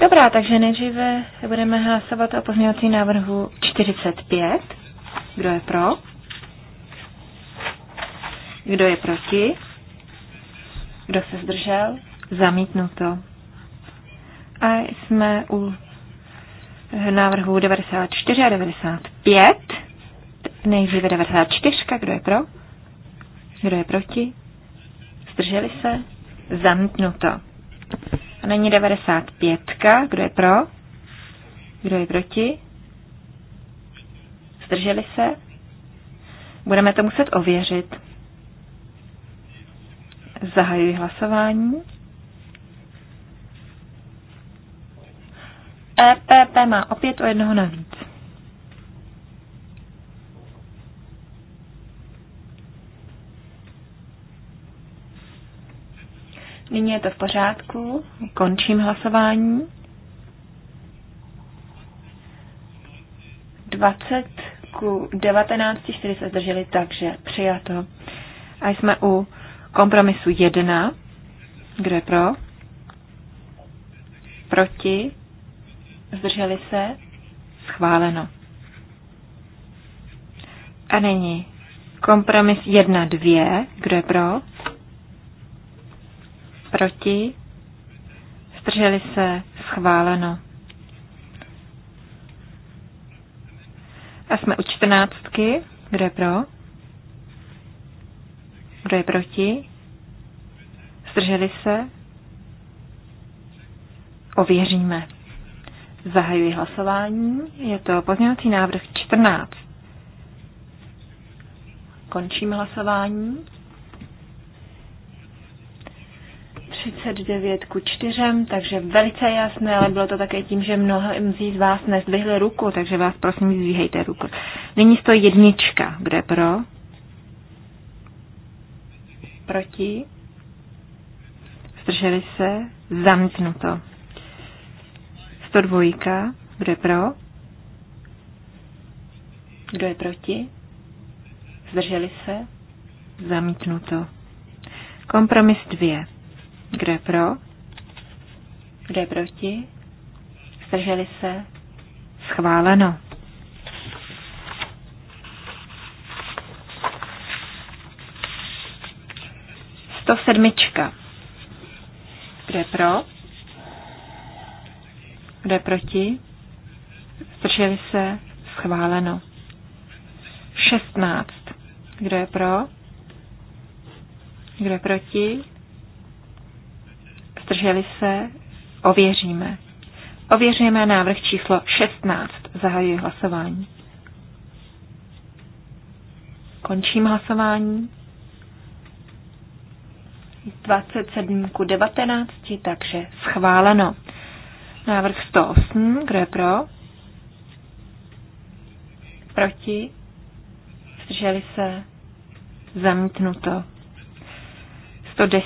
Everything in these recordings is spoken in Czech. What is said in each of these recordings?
Dobrá, takže nejdříve budeme hlasovat o pozměňovací návrhu 45. Kdo je pro? Kdo je proti? Kdo se zdržel? Zamítnuto. A jsme u návrhu 94 a 95. Nejdříve 94. Kdo je pro? Kdo je proti? Zdrželi se? Zamítnuto není 95. Kdo je pro? Kdo je proti? Zdrželi se? Budeme to muset ověřit. Zahajuji hlasování. EPP má opět o jednoho navíc. Nyní je to v pořádku. Končím hlasování. 20 ku 19, 4 se zdrželi, takže přijato. A jsme u kompromisu 1. Kdo je pro? Proti? Zdrželi se? Schváleno. A nyní kompromis 1, 2. Kdo je pro? Proti? Zdrželi se? Schváleno. A jsme u čtrnáctky. Kdo je pro? Kdo je proti? Zdrželi se? Ověříme. Zahajuji hlasování. Je to pozměňovací návrh 14. Končím hlasování. 39 ku 4, takže velice jasné, ale bylo to také tím, že mnozí z vás nezdvihli ruku, takže vás prosím zdvíhejte ruku. Nyní stojí jednička. Kde pro? Proti? Zdrželi se? Zamítnuto. 102. Kdo je pro? Kdo je proti? Zdrželi se? Zamítnuto. Kompromis 2. Kdo je pro? Kdo je proti? Zdrželi se? Schváleno. Sto sedmička. Kdo je pro? Kdo je proti? Zdrželi se? Schváleno. 16. Kdo je pro? Kdo je proti? zdrželi se, ověříme. Ověříme návrh číslo 16. Zahajuji hlasování. Končím hlasování. 27 ku 19, takže schváleno. Návrh 108, kdo je pro? Proti? Zdrželi se? Zamítnuto. 110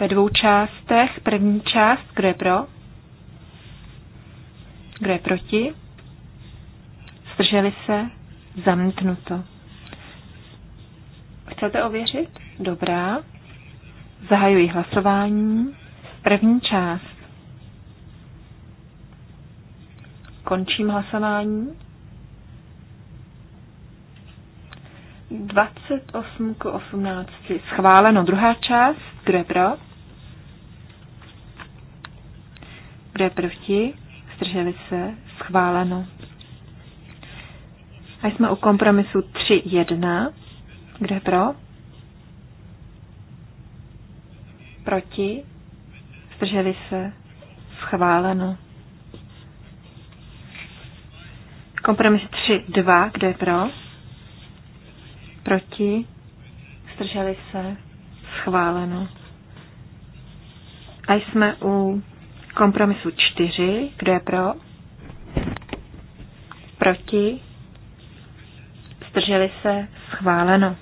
ve dvou částech. První část, kdo je pro? Kdo je proti? Zdrželi se? Zamítnuto. Chcete ověřit? Dobrá. Zahajuji hlasování. První část. Končím hlasování. 28 k 18 schváleno. Druhá část, kdo je pro? Kdo je proti? Zdrželi se? Schváleno. A jsme u kompromisu 3.1. Kdo je pro? Proti? Zdrželi se? Schváleno. Kompromis 3.2. Kdo je pro? Proti? Zdrželi se? Schváleno. A jsme u kompromisu 4. Kdo je pro? Proti? Zdrželi se? Schváleno.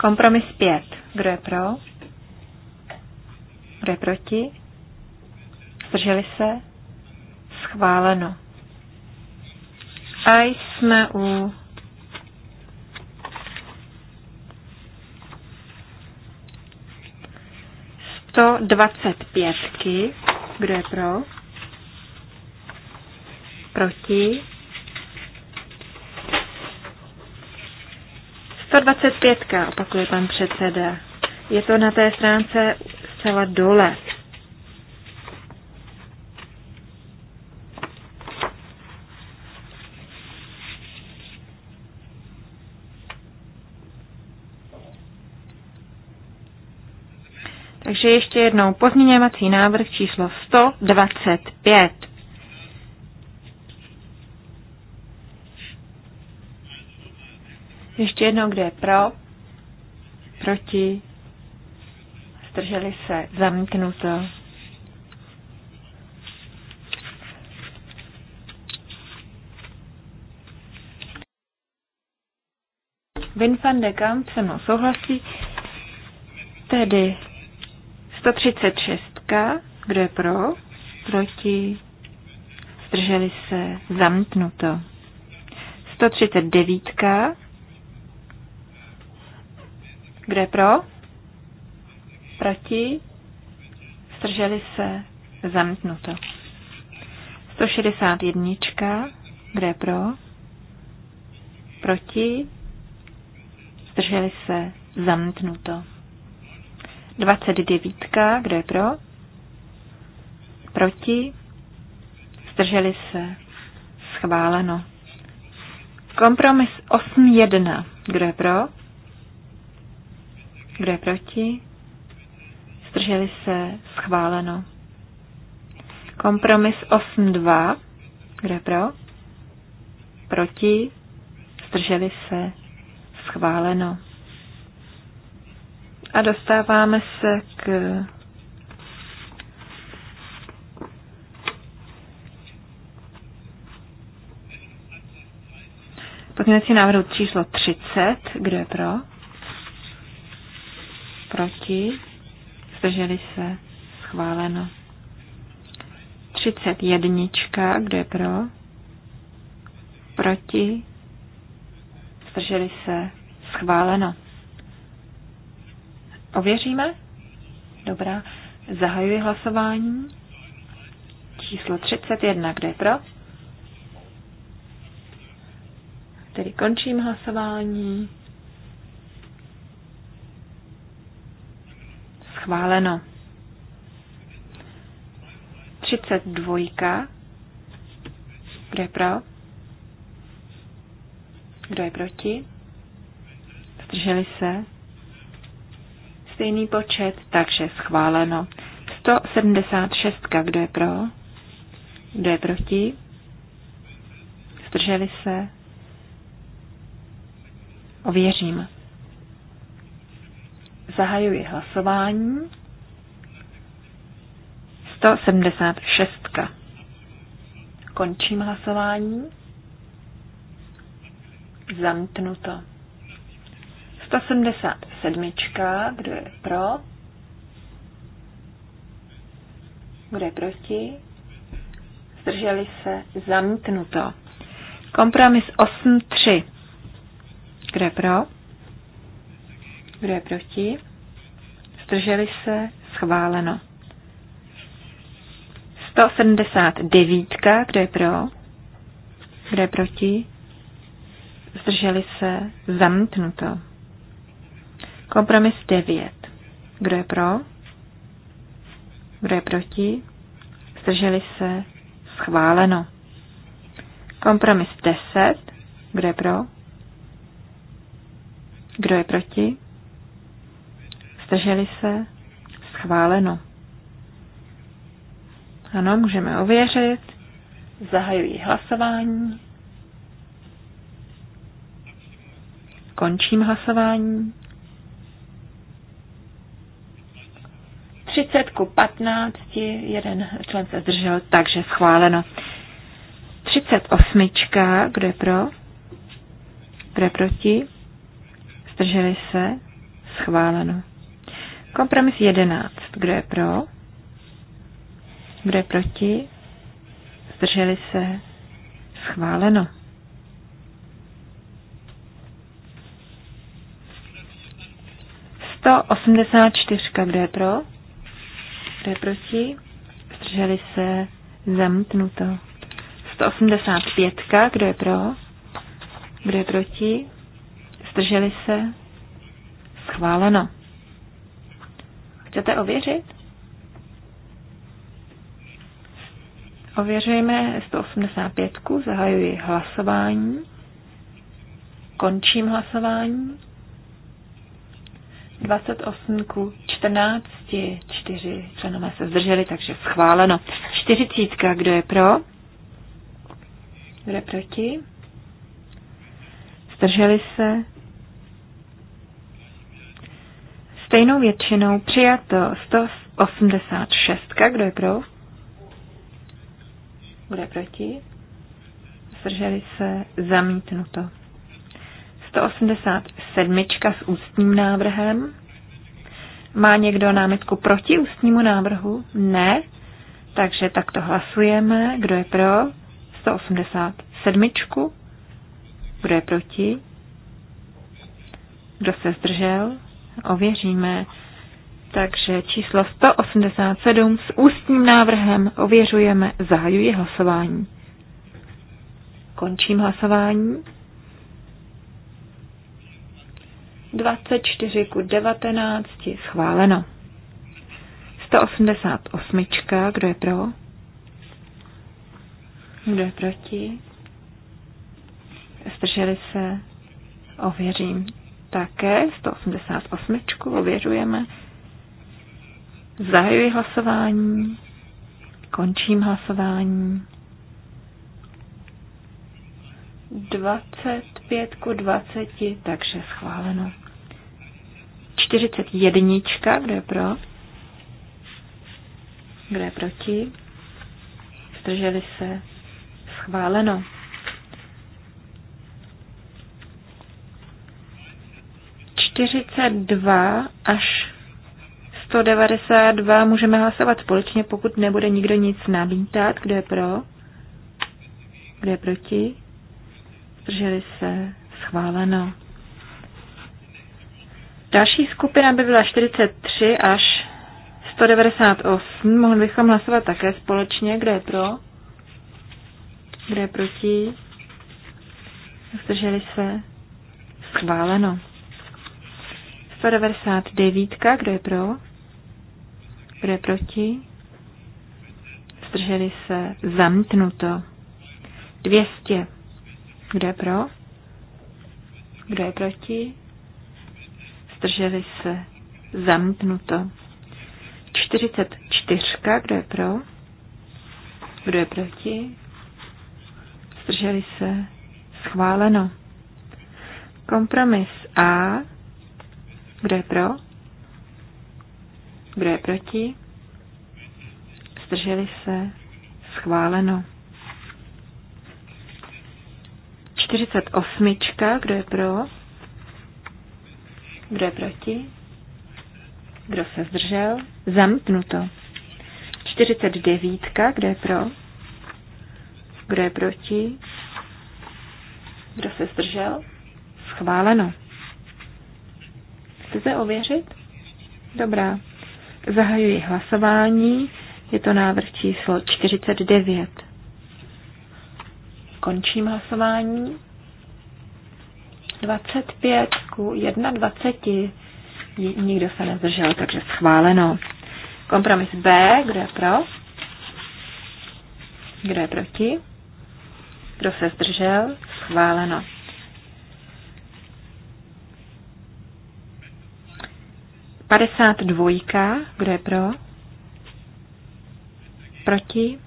Kompromis 5. Kdo je pro? Kdo je proti? Zdrželi se? Schváleno. A jsme u 125. Kdo je pro? Proti? 125. opakuje pan předseda. Je to na té stránce zcela dole. Takže ještě jednou pozměňovací návrh číslo 125. Ještě jednou, kde je pro, proti, zdrželi se, zamítnuto. Vin van de Kamp se mnou souhlasí, tedy 136. Kdo je pro? Proti? Zdrželi se? zamknuto. 139. Kdo je pro? Proti? Zdrželi se? zamknuto. 161. Kdo je pro? Proti? Zdrželi se? zamknuto. 29. Kdo je pro? Proti? Zdrželi se. Schváleno. Kompromis 8.1. Kdo je pro? Kdo je proti? Zdrželi se. Schváleno. Kompromis 8.2. Kdo je pro? Proti? Zdrželi se. Schváleno. A dostáváme se k pozměňovací návrhu číslo 30. Kdo je pro? Proti? Zdrželi se? Schváleno. 31. Kdo je pro? Proti? Zdrželi se? Schváleno. Ověříme? Dobrá. Zahajuji hlasování. Číslo 31, kde je pro? Tedy končím hlasování. Schváleno. 32. Kdo je pro? Kdo je proti? Zdrželi se? stejný počet, takže schváleno. 176, kdo je pro? Kdo je proti? Zdrželi se? Ověřím. Zahajuji hlasování. 176. Končím hlasování. Zamknuto. 177. Kdo je pro? Kdo je proti? Zdrželi se? Zamítnuto. Kompromis 8.3. Kdo je pro? Kdo je proti? Zdrželi se? Schváleno. 179. Kdo je pro? Kdo je proti? Zdrželi se? Zamítnuto. Kompromis 9. Kdo je pro? Kdo je proti? Zdrželi se? Schváleno. Kompromis 10. Kdo je pro? Kdo je proti? Zdrželi se? Schváleno. Ano, můžeme ověřit. Zahajuji hlasování. Končím hlasování. 30 ku 15, jeden člen se zdržel, takže schváleno. 38, kdo je pro? Kdo je proti? Zdrželi se? Schváleno. Kompromis 11, kdo je pro? Kdo je proti? Zdrželi se? Schváleno. čtyřka, kdo je pro? Kdo je proti? se zamítnuto. 185. Kdo je pro? Kdo je proti? Zdrželi se? Schváleno. Chcete ověřit? Ověřujeme 185. Zahajuji hlasování. Končím hlasování. 28 k 14, 4 členové se zdrželi, takže schváleno. 40, kdo je pro? Kdo je proti? Zdrželi se? Stejnou většinou přijato 186, kdo je pro? Kdo je proti? Zdrželi se? Zamítnuto. 187 s ústním návrhem. Má někdo námitku proti ústnímu návrhu? Ne. Takže takto hlasujeme. Kdo je pro? 187. Kdo je proti? Kdo se zdržel? Ověříme. Takže číslo 187 s ústním návrhem ověřujeme, zahajuji hlasování. Končím hlasování. 24 ku 19 schváleno. 188. Kdo je pro? Kdo je proti? Zdrželi se? Ověřím také. 188. Ověřujeme. Zahajuji hlasování. Končím hlasování. 25 ku 20, takže schváleno. 41, kdo je pro? Kdo je proti? Zdrželi se? Schváleno. Čtyřicet dva až sto devadesát dva, můžeme hlasovat společně, pokud nebude nikdo nic nabítat. Kdo je pro? Kdo je proti? zdrželi se, schváleno. Další skupina by byla 43 až 198. Mohli bychom hlasovat také společně. Kdo je pro? Kdo je proti? Zdrželi se? Schváleno. 199. Kdo je pro? Kdo je proti? Zdrželi se? Zamítnuto. 200. Kdo je pro? Kdo je proti? Zdrželi se. Zamknuto. 44. Kdo je pro? Kdo je proti? Zdrželi se. Schváleno. Kompromis A. Kdo je pro? Kdo je proti? Zdrželi se. Schváleno. 48. Kdo je pro? Kdo je proti? Kdo se zdržel? Zamknuto. 49. Kdo je pro? Kdo je proti? Kdo se zdržel? Schváleno. Chcete ověřit? Dobrá. Zahajuji hlasování. Je to návrh číslo 49. Končím hlasování. 25 ku 21. Nikdo se nezdržel, takže schváleno. Kompromis B, kdo je pro? Kdo je proti? Kdo se zdržel? Schváleno. Padesát dvojka, kdo je pro? Proti?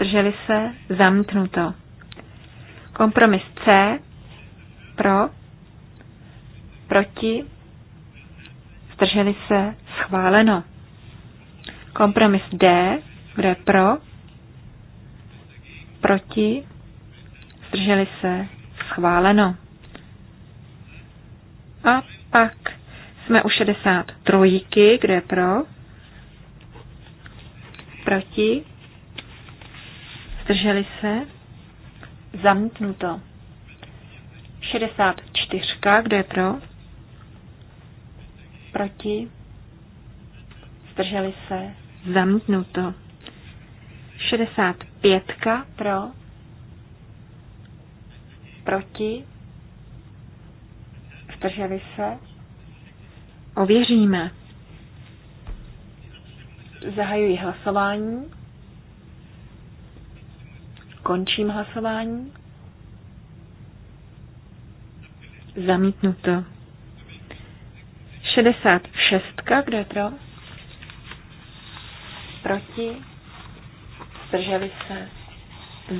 zdrželi se, zamítnuto. Kompromis C, pro, proti, zdrželi se, schváleno. Kompromis D, kde pro, proti, zdrželi se, schváleno. A pak jsme u 63, kde pro, proti, Zdrželi se? Zamítnuto. 64. Kdo je pro? Proti? Zdrželi se? Zamítnuto. 65. Pro? Proti? Zdrželi se? Ověříme. Zahajuji hlasování. Končím hlasování. Zamítnuto. 66. Kdo je pro? Proti? Zdrželi se?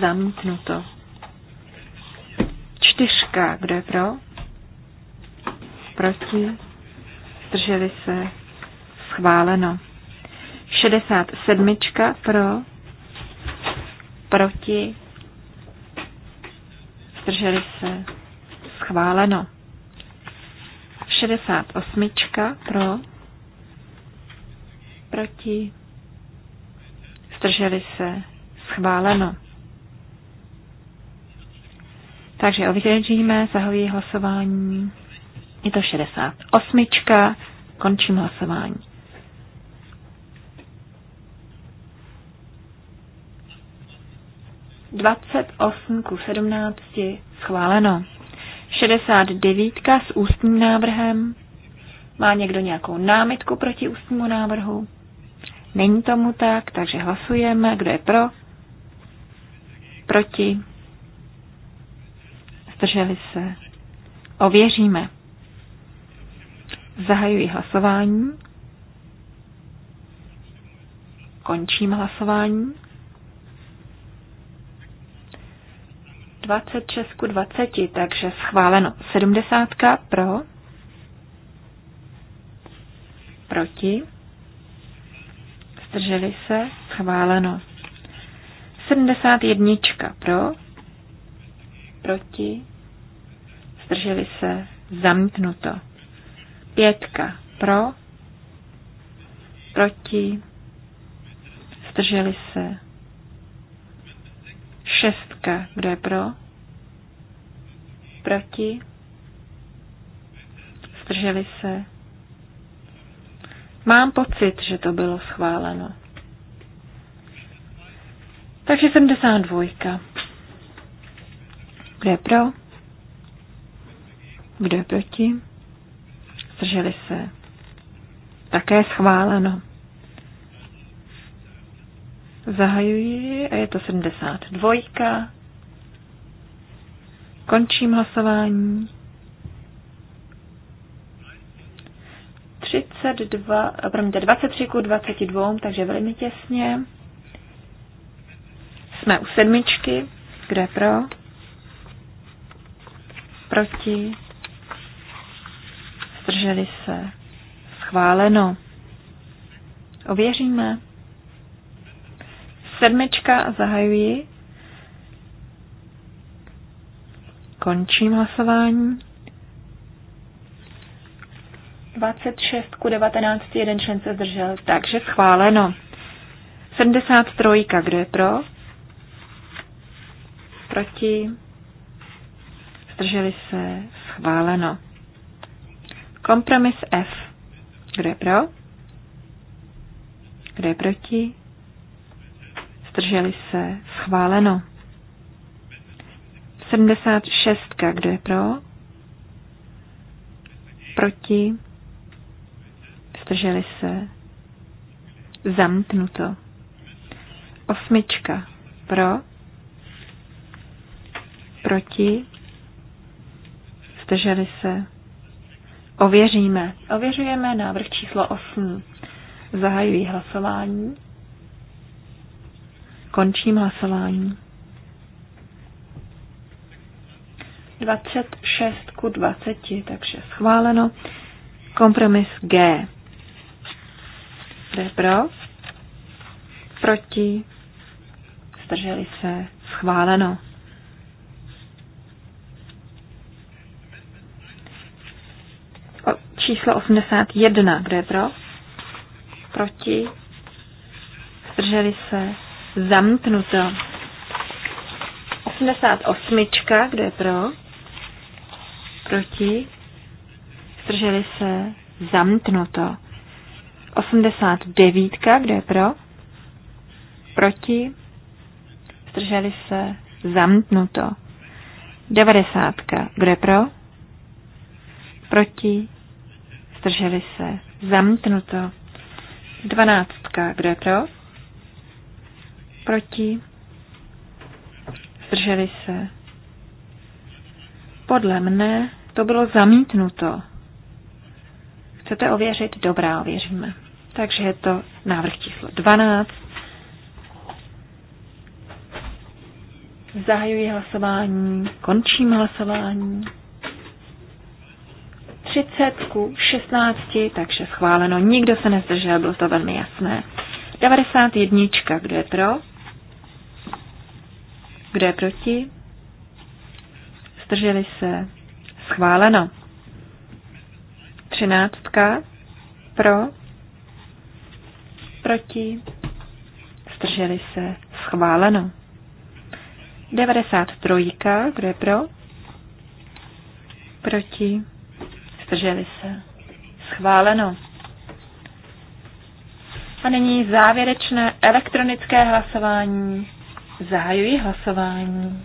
Zamítnuto. Čtyřka. Kdo je pro? Proti? Zdrželi se? Schváleno. 67. Pro? proti, zdrželi se, schváleno. 68 pro, proti, zdrželi se, schváleno. Takže ověříme, zahojí hlasování. Je to 68. Končím hlasování. 28 ku 17 schváleno. 69 s ústním návrhem. Má někdo nějakou námitku proti ústnímu návrhu? Není tomu tak, takže hlasujeme. Kdo je pro? Proti? Zdrželi se? Ověříme. Zahajuji hlasování. Končím hlasování. 26 ku 20, takže schváleno. 70 pro, proti, zdrželi se, schváleno. 71 pro, proti, zdrželi se, zamítnuto. Pětka pro, proti, zdrželi se, Šestka. Kdo je pro? Proti? Zdrželi se? Mám pocit, že to bylo schváleno. Takže 72. Kdo je pro? Kdo je proti? Zdrželi se? Také schváleno. Zahajuji a je to 72. Končím hlasování. 32, promiňte, 23 ku 22, takže velmi těsně. Jsme u sedmičky. Kdo je pro? Proti? Zdrželi se. Schváleno. Ověříme. Sedmička zahajuji. Končím hlasování. 26 ku 19, jeden člen se zdržel, takže schváleno. 73, kdo je pro? Proti? Zdrželi se, schváleno. Kompromis F. Kdo je pro? Kdo je proti? zdrželi se, schváleno. 76, kdo je pro, proti, zdrželi se, zamknuto. Osmička, pro, proti, zdrželi se, ověříme. Ověřujeme návrh číslo 8. Zahajují hlasování. Končím hlasování. 26 ku 20, takže schváleno. Kompromis G. Jde pro? Proti? Zdrželi se? Schváleno. O, číslo 81. Kde pro? Proti? Zdrželi se? Zamknuto. 88. Kdo je pro? Proti? Zdrželi se? Zamknuto. 89. Kdo je pro? Proti? Zdrželi se? Zamknuto. 90. Kdo je pro? Proti? Zdrželi se? Zamknuto. 12. Kdo je pro? Proti? Zdrželi se? Podle mne to bylo zamítnuto. Chcete ověřit? Dobrá, ověříme. Takže je to návrh číslo 12. Zahajuji hlasování, končím hlasování. 30 ku 16, takže schváleno. Nikdo se nezdržel, bylo to velmi jasné. 91. Kdo je pro? Kdo je proti? Zdrželi se. Schváleno. Třináctka. Pro. Proti. Zdrželi se. Schváleno. 93. Kdo je pro? Proti. Zdrželi se. Schváleno. A nyní závěrečné elektronické hlasování. Zahajuji hlasování.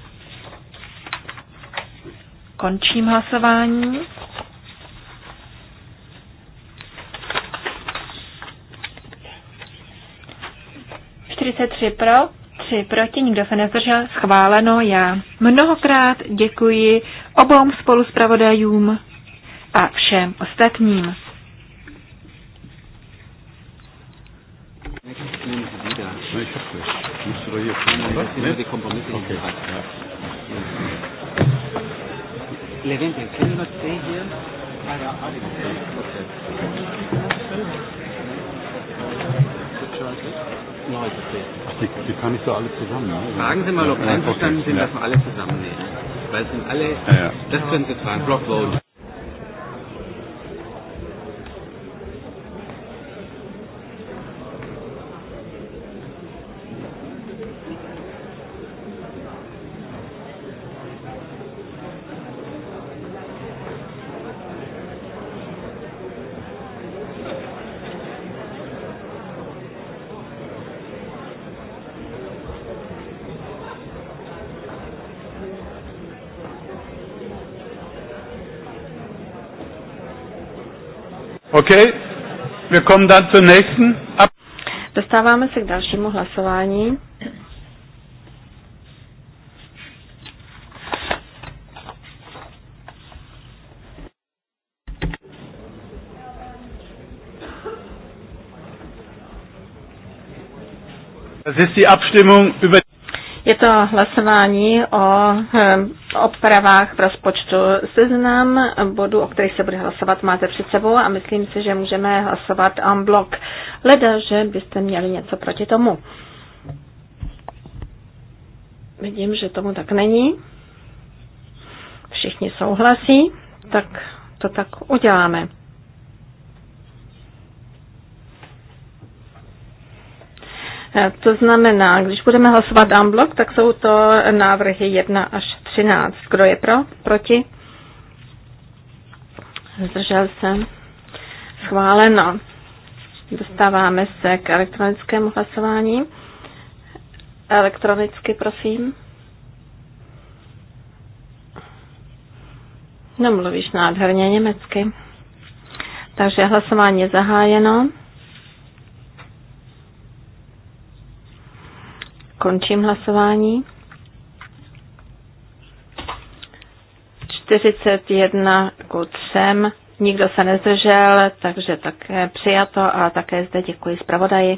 Končím hlasování. tři pro, tři proti, nikdo se nezdržel, schváleno já. Mnohokrát děkuji obou spoluspravodajům a všem ostatním. aber hier vorne Was? Ne? die Kompromisse. Okay. Ja. Levente, können wir not stay here? I okay. Die, die kann ich so alle zusammen. Ne? Fragen Sie mal, ob ja, einverstanden okay. sind, dass wir alle zusammennehmen. Weil es sind alle, ja, ja. das können Sie fragen, Block Vote. Okay? Wir kommen dann nächsten. Ab Dostáváme se k dalšímu hlasování. Das ist die Abstimmung über je to hlasování o eh, opravách v rozpočtu. Seznam bodů, o kterých se bude hlasovat, máte před sebou a myslím si, že můžeme hlasovat en blok. Leda, že byste měli něco proti tomu. Vidím, že tomu tak není. Všichni souhlasí, tak to tak uděláme. Eh, to znamená, když budeme hlasovat unblock, tak jsou to návrhy 1 až 13. Kdo je pro? Proti? Zdržel se? Schváleno. Dostáváme se k elektronickému hlasování. Elektronicky, prosím. Nemluvíš nádherně německy. Takže hlasování je zahájeno. Končím hlasování. 41 ku 3. Nikdo se nezdržel, takže také přijato a také zde děkuji zpravodaji.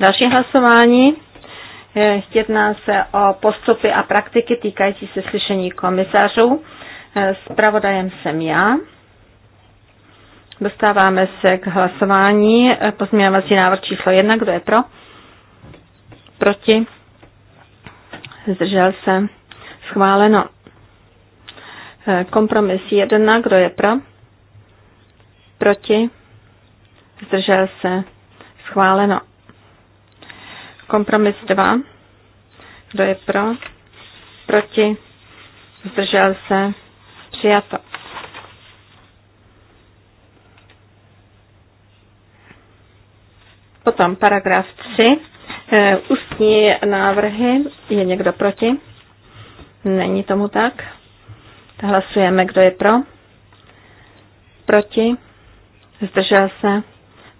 Další hlasování. Eh, Jedná se o postupy a praktiky týkající se slyšení komisařů. Spravodajem jsem já. Dostáváme se k hlasování. Pozměňovací návrh číslo jedna. Kdo je pro? Proti? Zdržel se? Schváleno. Eh, kompromis jedna. Kdo je pro? Proti? Zdržel se? Schváleno. Kompromis 2. Kdo je pro? Proti? Zdržel se? Přijato. Potom paragraf 3. E, ústní návrhy. Je někdo proti? Není tomu tak. Hlasujeme, kdo je pro. Proti. Zdržel se.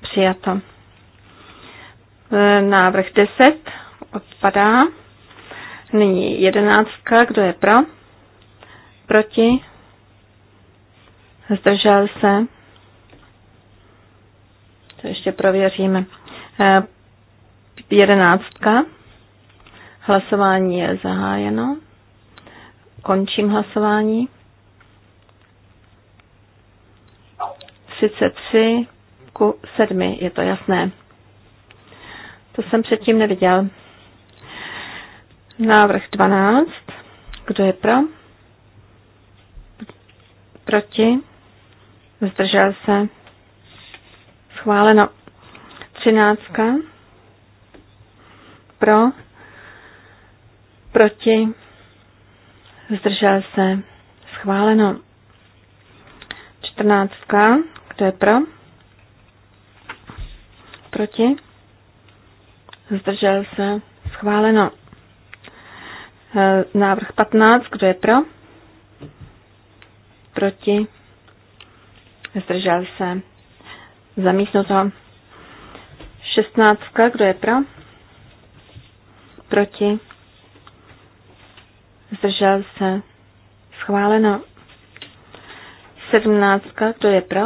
Přijato. E, návrh 10 odpadá. Nyní jedenáctka. Kdo je pro? Proti? zdržel se, to ještě prověříme, eh, jedenáctka, hlasování je zahájeno, končím hlasování, 33 ku 7, je to jasné. To jsem předtím neviděl. Návrh 12. Kdo je pro? Proti? zdržel se, schváleno. Třináctka, pro, proti, zdržel se, schváleno. Čtrnáctka, kdo je pro, proti, zdržel se, schváleno. E, návrh 15, kdo je pro? Proti? zdržel se, zamítnuto. 16. Kdo je pro? Proti? Zdržel se. Schváleno. 17. Kdo je pro?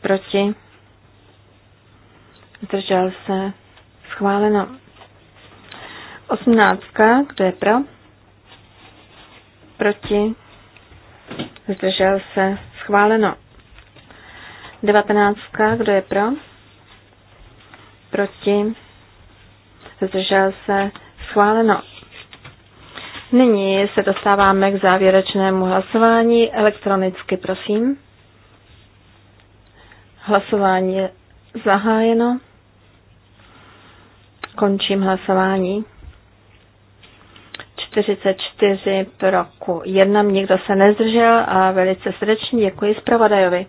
Proti? Zdržel se. Schváleno. 18. Kdo je pro? Proti? Zdržel se. Schváleno. Devatenáctka. Kdo je pro? Proti. Zdržel se. Schváleno. Nyní se dostáváme k závěrečnému hlasování. Elektronicky, prosím. Hlasování je zahájeno. Končím hlasování. 44 pro roku 1, nikdo se nezdržel a velice srdečně děkuji zpravodajovi.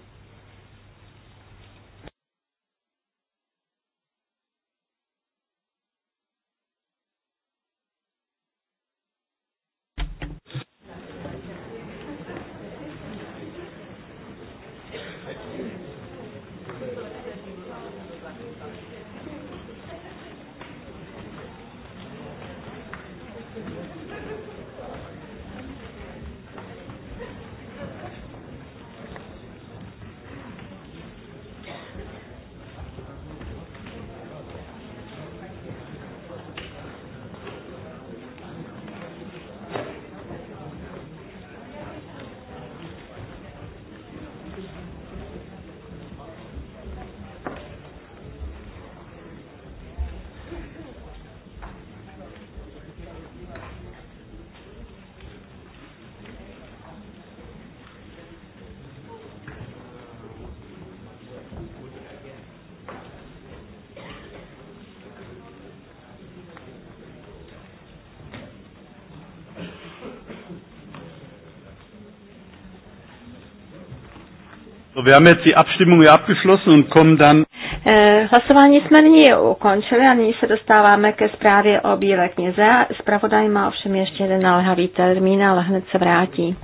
Wir haben jetzt die Abstimmung abgeschlossen und kommen dann. Eh, hlasování jsme nyní ukončili a nyní se dostáváme ke zprávě o Bílé knize. Zpravodaj má ovšem ještě jeden nalhavý termín, ale hned se vrátí.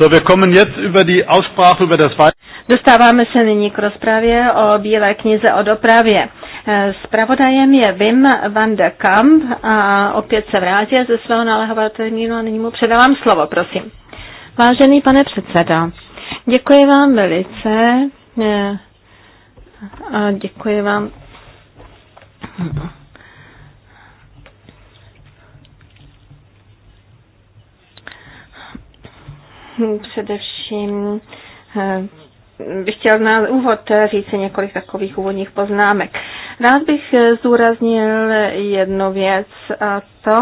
So, wir kommen jetzt über die Aussprache über das Dostáváme se nyní k rozpravě o Bílé knize o dopravě. Spravodajem eh, je Wim van de Kamp a opět se vrátil ze svého naléhového termínu a nyní mu předávám slovo, prosím. Vážený pane předseda, děkuji vám velice eh, děkuji vám Především eh, bych chtěl na úvod říct několik takových úvodních poznámek. Rád bych zúraznil jednu věc a to,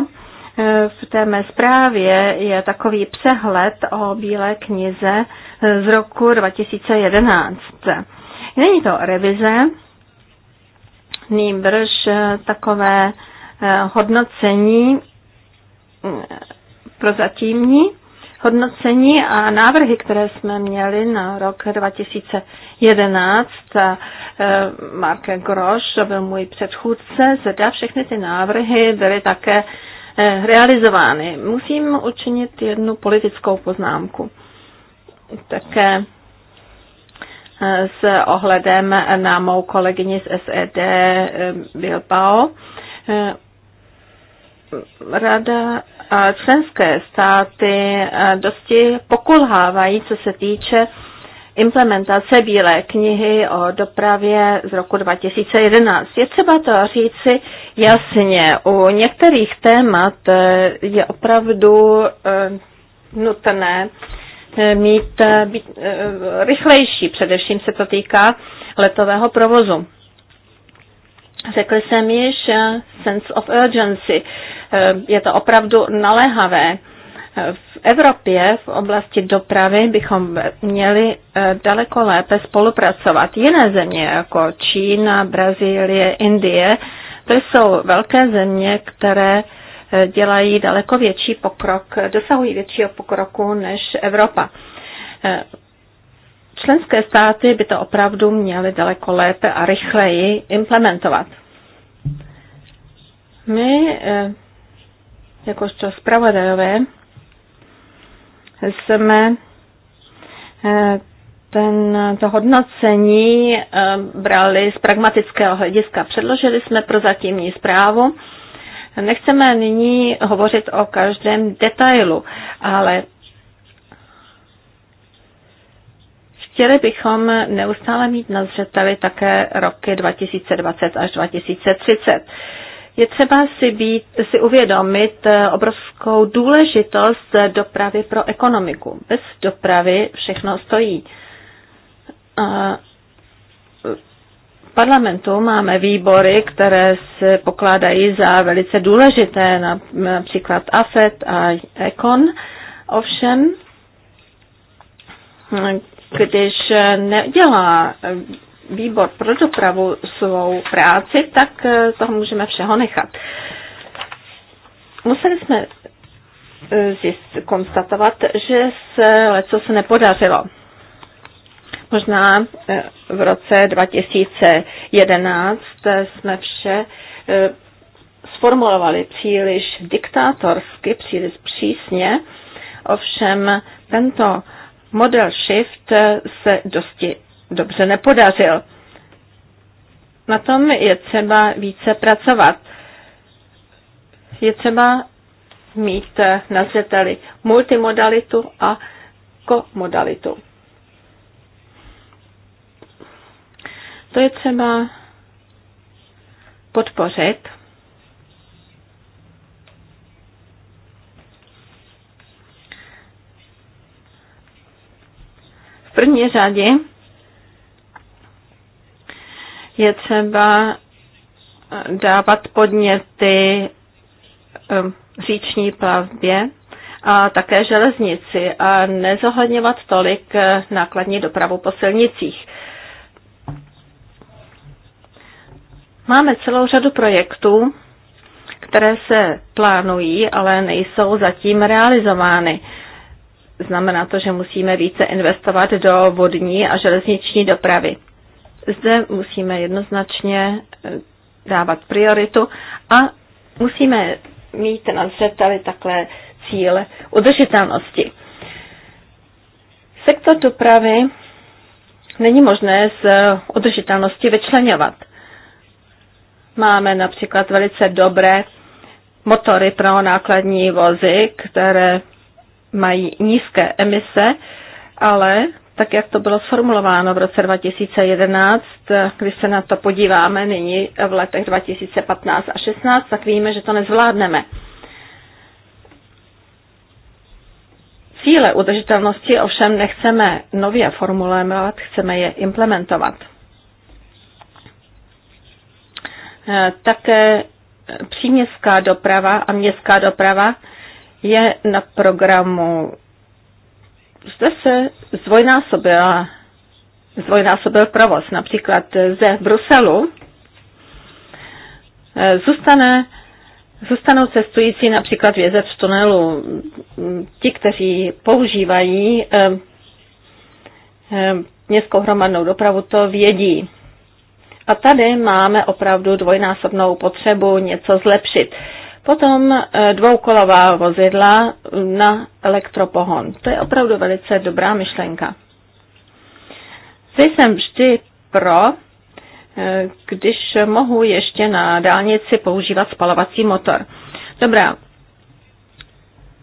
eh, v té mé zprávě je takový přehled o Bílé knize z roku 2011. Není to revize, nýbrž eh, takové hodnocení mm, prozatímní hodnocení a návrhy, které jsme měli na rok 2011. A e, Mark Groš, to byl můj předchůdce, zda všechny ty návrhy byly také e, realizovány. Musím učinit jednu politickou poznámku. Také e, s ohledem na mou kolegyni z SED Bilbao. Rada členské státy eh, dosti pokulhávají, co se týče implementace Bílé knihy o dopravě z roku 2011. Je třeba to říci jasně. U některých témat eh, je opravdu eh, nutné mít být, rychlejší, především se to týká letového provozu. Řekl jsem již eh, sense of urgency. Eh, je to opravdu naléhavé. Eh, v Evropě v oblasti dopravy bychom měli daleko lépe spolupracovat. Jiné země jako Čína, Brazílie, Indie, to jsou velké země, které dělají daleko větší pokrok, dosahují většího pokroku než Evropa. Členské státy by to opravdu měly daleko lépe a rychleji implementovat. My, eh, jakožto zpravodajové, jsme eh, ten, to hodnocení eh, brali z pragmatického hlediska. Předložili jsme prozatímní zprávu. Nechceme nyní hovořit o každém detailu, ale Chtěli bychom neustále mít na zřeteli také roky 2020 až 2030 je třeba si, být, si uvědomit eh, obrovskou důležitost dopravy pro ekonomiku. Bez dopravy všechno stojí. V parlamentu máme výbory, které se pokládají za velice důležité, například AFET a ECON. Ovšem, když neudělá výbor pro dopravu svou práci, tak eh, toho můžeme všeho nechat. Museli jsme eh, zjist, konstatovat, že se leco se nepodařilo. Možná eh, v roce 2011 jsme vše sformulovali příliš diktátorsky, příliš přísně, ovšem tento model Shift se dosti dobře nepodařil. Na tom je třeba více pracovat. Je třeba mít na zřeteli multimodalitu a komodalitu. To je třeba podpořit V první řadě je třeba eh, dávat podněty eh, říční plavbě a také železnici a nezohledňovat tolik eh, nákladní dopravu po silnicích. Máme celou řadu projektů, které se plánují, ale nejsou zatím realizovány znamená to, že musíme více investovat do vodní a železniční dopravy. Zde musíme jednoznačně eh, dávat prioritu a musíme mít na zřeteli takhle cíl udržitelnosti. Sektor dopravy není možné z udržitelnosti vyčlenovat. Máme například velice dobré motory pro nákladní vozy, které mají nízké emise, ale tak, jak to bylo sformulováno v roce 2011, když se na to podíváme nyní v letech 2015 a 16, tak víme, že to nezvládneme. Cíle udržitelnosti ovšem nechceme nově formulovat, chceme je implementovat. Také příměstská doprava a městská doprava je na programu. Zde se zdvojnásobila, zdvojnásobil provoz. Například ze Bruselu eh, zůstane Zůstanou cestující například vězet v tunelu. Ti, kteří používají eh, eh, městskou hromadnou dopravu, to vědí. A tady máme opravdu dvojnásobnou potřebu něco zlepšit. Potom eh, dvoukolová vozidla na elektropohon. To je opravdu velice dobrá myšlenka. Ty jsem vždy pro, eh, když mohu ještě na dálnici používat spalovací motor. Dobrá.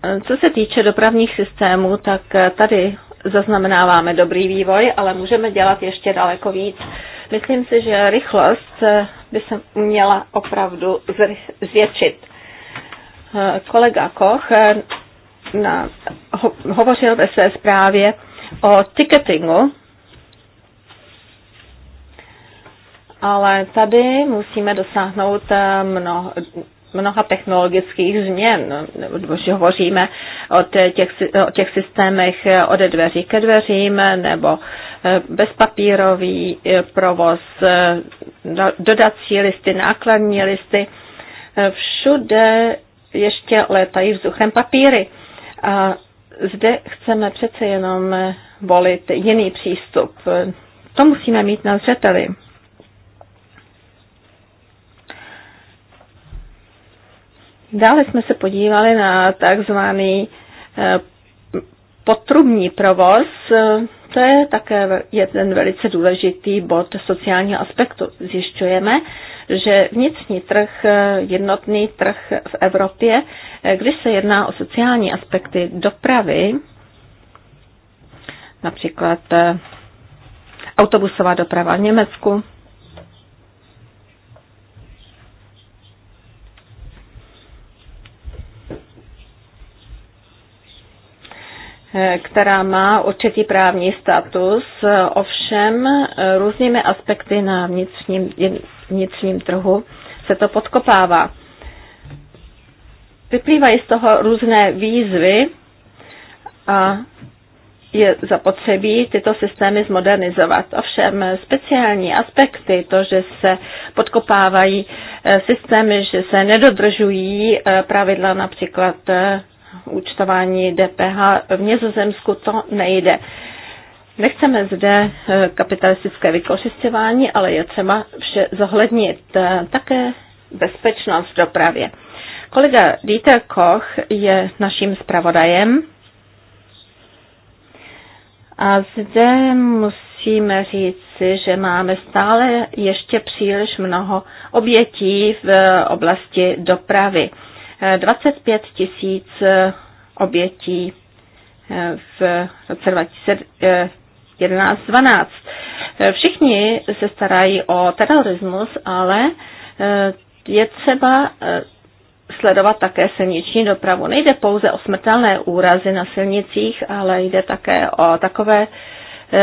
Eh, co se týče dopravních systémů, tak tady zaznamenáváme dobrý vývoj, ale můžeme dělat ještě daleko víc. Myslím si, že rychlost by se měla opravdu zvětšit kolega Koch eh, na, ho, hovořil ve své zprávě o ticketingu, ale tady musíme dosáhnout eh, mno, mnoha technologických změn. Už hovoříme o těch, o těch systémech eh, ode dveří ke dveřím nebo bezpapírový provoz, dodací listy, nákladní listy. Všude ještě létají vzduchem papíry. A zde chceme přece jenom volit jiný přístup. To musíme mít na zřeteli. Dále jsme se podívali na takzvaný eh, potrubní provoz. To je také jeden velice důležitý bod sociálního aspektu. Zjišťujeme, že vnitřní trh, eh, jednotný trh v Evropě, eh, když se jedná o sociální aspekty dopravy, například eh, autobusová doprava v Německu, která má určitý právní status, ovšem různými aspekty na vnitřním vnitřním trhu se to podkopává. Vyplývají z toho různé výzvy a je zapotřebí tyto systémy zmodernizovat. Ovšem speciální aspekty, to, že se podkopávají eh, systémy, že se nedodržují eh, pravidla například eh, účtování DPH v Nězozemsku, to nejde. Nechceme zde eh, kapitalistické vykořišťování, ale je třeba vše zohlednit eh, také bezpečnost v dopravě. Kolega Dieter Koch je naším zpravodajem a zde musíme říci, že máme stále ještě příliš mnoho obětí v eh, oblasti dopravy. 25 tisíc obětí v roce 2000, 11, 12. Eh, všichni se starají o terorismus, ale eh, je třeba eh, sledovat také silniční dopravu. Nejde pouze o smrtelné úrazy na silnicích, ale jde také o takové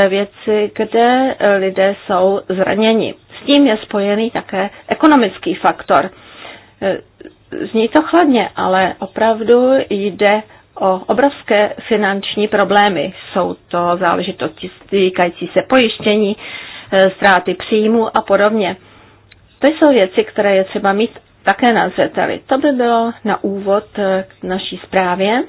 věci, kde lidé jsou zraněni. S tím je spojený také ekonomický faktor. Zní to chladně, ale opravdu jde o obrovské finanční problémy. Jsou to záležitosti týkající se pojištění, e, ztráty příjmu a podobně. To jsou věci, které je třeba mít také na zřeteli. To by bylo na úvod e, k naší zprávě.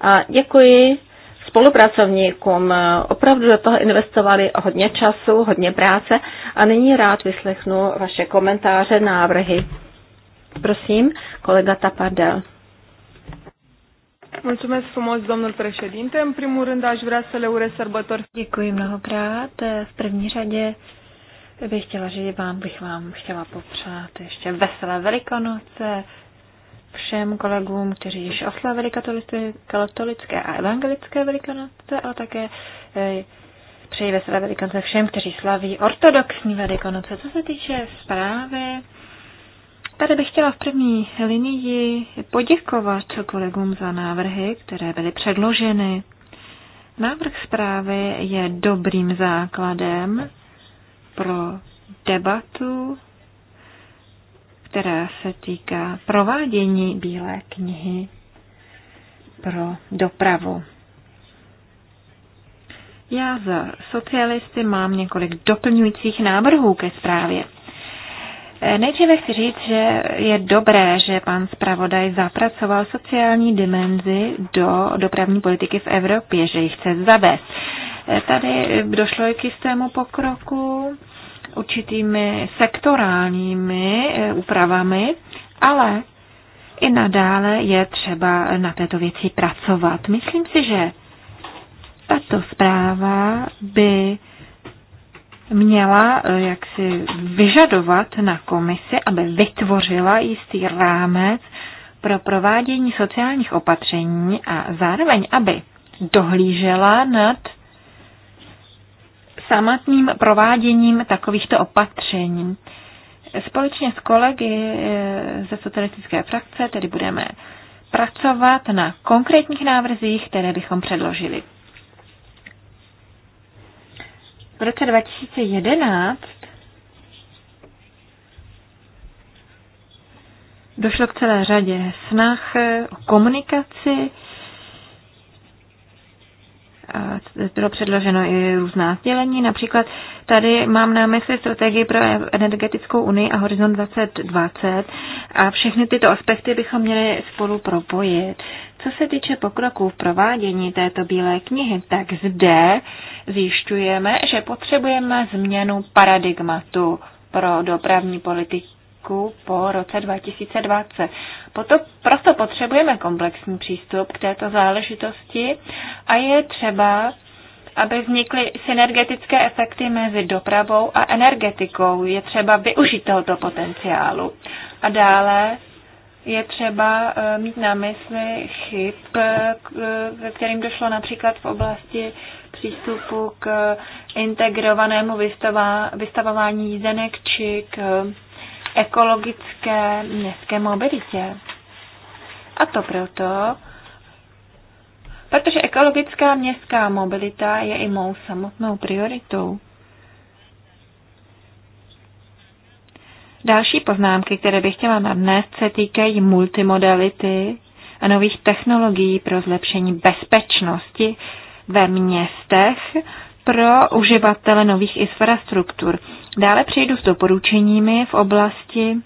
A děkuji spolupracovníkům. E, opravdu do toho investovali hodně času, hodně práce a nyní rád vyslechnu vaše komentáře, návrhy. Prosím, kolega Tapardel. Mulțumesc frumos, domnul președinte. În primul rând, aș vrea să le urez sărbători. Děkuji mnohokrát. V první řadě bych chtěla říct vám, bych vám chtěla popřát ještě veselé velikonoce všem kolegům, kteří již oslavili katolické a evangelické velikonoce, a také eh, přeji veselé velikonoce všem, kteří slaví ortodoxní velikonoce. Co se týče zprávy, Tady bych chtěla v první linii poděkovat kolegům za návrhy, které byly předloženy. Návrh zprávy je dobrým základem pro debatu, která se týká provádění Bílé knihy pro dopravu. Já za socialisty mám několik doplňujících návrhů ke zprávě. Nejdříve chci říct, že je dobré, že pan zpravodaj zapracoval sociální dimenzi do dopravní politiky v Evropě, že ji chce zavést. Tady došlo i k jistému pokroku určitými sektorálními eh, úpravami, ale i nadále je třeba na této věci pracovat. Myslím si, že tato zpráva by měla eh, jaksi vyžadovat na komisi, aby vytvořila jistý rámec pro provádění sociálních opatření a zároveň, aby dohlížela nad samotným prováděním takovýchto opatření. Společně s kolegy eh, ze socialistické frakce tedy budeme pracovat na konkrétních návrzích, které bychom předložili v roce 2011 došlo k celé řadě snah o komunikaci. Bylo předloženo i různá sdělení. Například tady mám na mysli strategii pro energetickou unii a Horizon 2020 a všechny tyto aspekty bychom měli spolu propojit. Co se týče pokroku v provádění této bílé knihy, tak zde zjišťujeme, že potřebujeme změnu paradigmatu pro dopravní politiku po roce 2020. Proto, proto potřebujeme komplexní přístup k této záležitosti a je třeba aby vznikly synergetické efekty mezi dopravou a energetikou. Je třeba využít tohoto potenciálu. A dále je třeba eh, mít na mysli chyb, ve eh, kterým došlo například v oblasti přístupu k integrovanému vystavování jízenek či k ekologické městské mobilitě. A to proto, protože ekologická městská mobilita je i mou samotnou prioritou. Další poznámky, které bych chtěla nadnést, se týkají multimodality a nových technologií pro zlepšení bezpečnosti ve městech pro uživatele nových infrastruktur. Dále přejdu s doporučeními v oblasti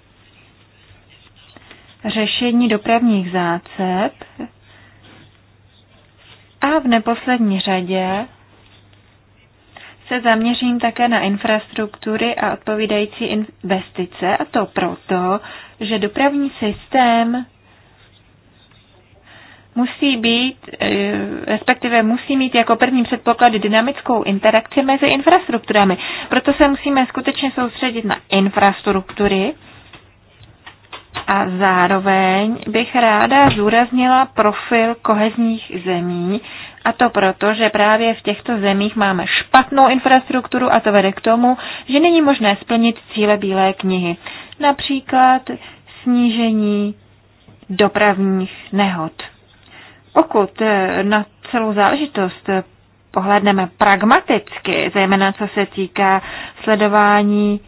řešení dopravních zácep a v neposlední řadě se zaměřím také na infrastruktury a odpovídající investice, a to proto, že dopravní systém musí být, eh, respektive musí mít jako první předpoklad dynamickou interakci mezi infrastrukturami. Proto se musíme skutečně soustředit na infrastruktury a zároveň bych ráda zúraznila profil kohezních zemí, a to proto, že právě v těchto zemích máme špatnou infrastrukturu a to vede k tomu, že není možné splnit cíle Bílé knihy. Například snížení dopravních nehod. Pokud eh, na celou záležitost pohledneme pragmaticky, zejména co se týká sledování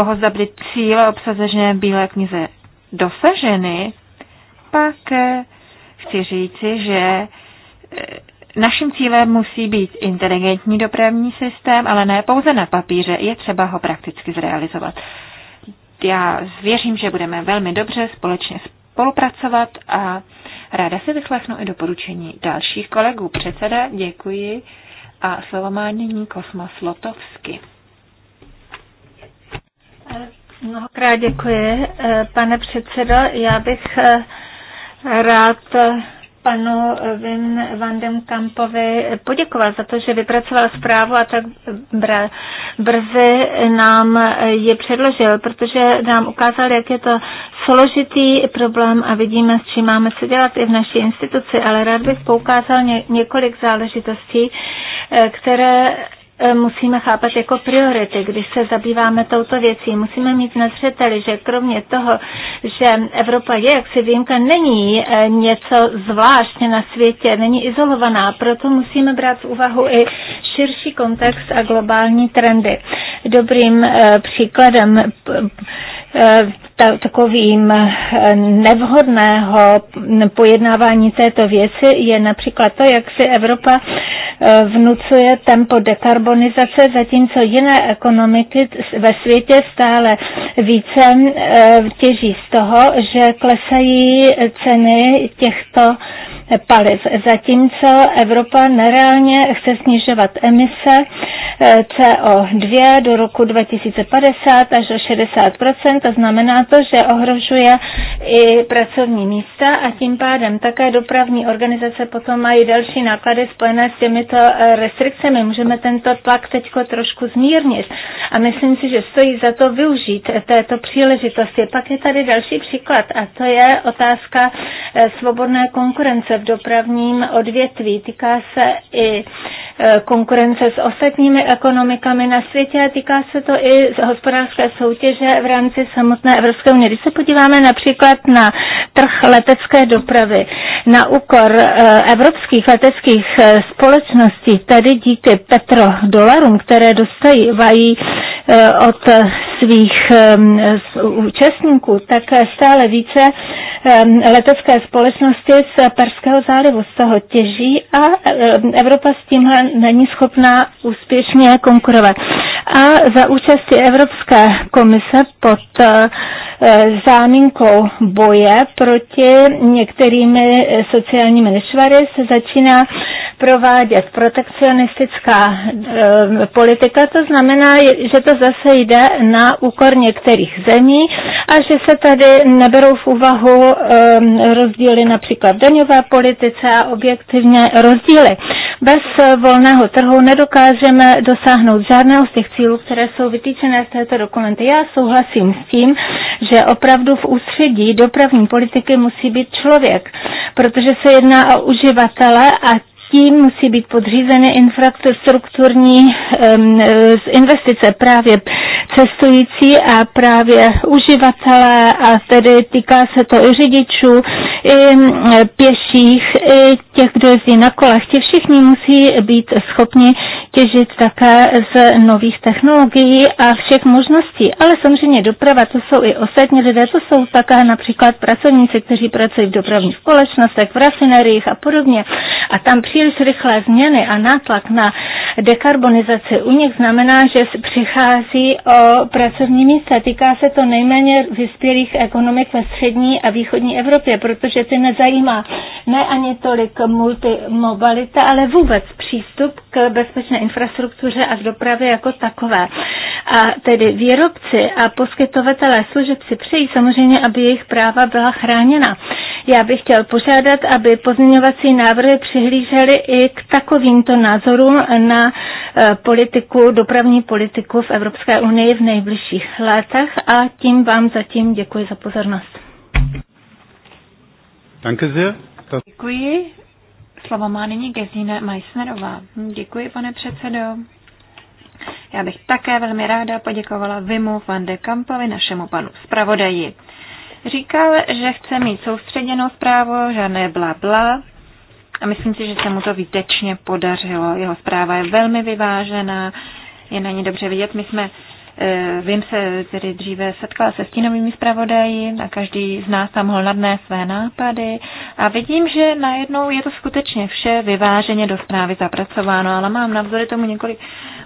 toho, zda byly cíle obsažené v Bílé knize dosaženy, pak eh, chci říci, že Naším cílem musí být inteligentní dopravní systém, ale ne pouze na papíře, je třeba ho prakticky zrealizovat. Já věřím, že budeme velmi dobře společně spolupracovat a ráda si vyslechnu i doporučení dalších kolegů. Předseda, děkuji a slovo má nyní Kosmas Lotovsky. Mnohokrát děkuji, eh, pane předsedo. Já bych eh, rád eh, panu Vin van den Kampovi poděkovat za to, že vypracoval zprávu a tak br- brzy nám je předložil, protože nám ukázal, jak je to složitý problém a vidíme, s čím máme se dělat i v naší instituci, ale rád bych poukázal ně- několik záležitostí, eh, které E, musíme chápat jako priority, když se zabýváme touto věcí. Musíme mít na zřeteli, že kromě toho, že Evropa je, jak si výjimka, není e, něco zvláštně na světě, není izolovaná, proto musíme brát v úvahu i širší kontext a globální trendy. Dobrým e, příkladem Eh, takovým eh, nevhodného pojednávání této věci je například to, jak si Evropa eh, vnucuje tempo dekarbonizace, zatímco jiné ekonomiky ve světě stále více těží z toho, že klesají ceny těchto paliv, zatímco Evropa nereálně chce snižovat emise CO2 do roku 2050 až o 60 a znamená to, že ohrožuje i pracovní místa a tím pádem také dopravní organizace potom mají další náklady spojené s těmito eh, restrikcemi. Můžeme tento tlak teď trošku zmírnit a myslím si, že stojí za to využít této příležitosti. Pak je tady další příklad a to je otázka eh, svobodné konkurence v dopravním odvětví. Týká se i Eh, konkurence s ostatními ekonomikami na světě a týká se to i hospodářské soutěže v rámci samotné Evropské unie. Když se podíváme například na trh letecké dopravy, na úkor eh, evropských leteckých eh, společností, tedy díky petrodolarům, které dostávají Eh, od svých účastníků, tak stále více letecké společnosti z Perského zálivu z toho těží a Evropa s tímhle není schopná úspěšně konkurovat a za účasti Evropské komise pod eh, záminkou boje proti některými sociálními nešvary se začíná provádět protekcionistická eh, politika. To znamená, že to zase jde na úkor některých zemí a že se tady neberou v úvahu eh, rozdíly například v daňové politice a objektivně rozdíly. Bez eh, volného trhu nedokážeme dosáhnout žádného z těch cílů, které jsou vytýčené v této dokumenty. Já souhlasím s tím, že opravdu v ústředí dopravní politiky musí být člověk, protože se jedná o uživatele a tím musí být podřízeny infrastrukturní e, investice právě cestující a právě uživatelé a tedy týká se to i řidičů, i pěších, i těch, kdo jezdí na kolech. Ti všichni musí být schopni těžit také z nových technologií a všech možností. Ale samozřejmě doprava, to jsou i ostatní lidé, to jsou také například pracovníci, kteří pracují v dopravních společnostech, v rafineriích a podobně. A tam při příliš rychlé změny a nátlak na dekarbonizaci u nich znamená, že přichází o pracovní místa. Týká se to nejméně vyspělých ekonomik ve střední a východní Evropě, protože ty nezajímá ne ani tolik multimobilita, ale vůbec přístup k bezpečné infrastruktuře a k dopravě jako takové. A tedy výrobci a poskytovatelé služeb si přejí samozřejmě, aby jejich práva byla chráněna. Já bych chtěl požádat, aby pozměňovací návrhy přihlížely i k takovýmto názorům na eh, politiku, dopravní politiku v Evropské unii v nejbližších letech a tím vám zatím děkuji za pozornost. Danke sehr. Děkuji. Slovo má nyní Gezíne Meissnerová. Děkuji, pane předsedo. Já bych také velmi ráda poděkovala Vimu van de Kampovi, našemu panu zpravodaji. Říkal, že chce mít soustředěnou zprávu, žádné bla bla. A myslím si, že se mu to výtečně podařilo. Jeho zpráva je velmi vyvážená, je na ní dobře vidět. My jsme eh, Vím se tedy dříve setkala se stínovými zpravodaji a každý z nás tam mohl nadné své nápady a vidím, že najednou je to skutečně vše vyváženě do zprávy zapracováno, ale mám navzory tomu několik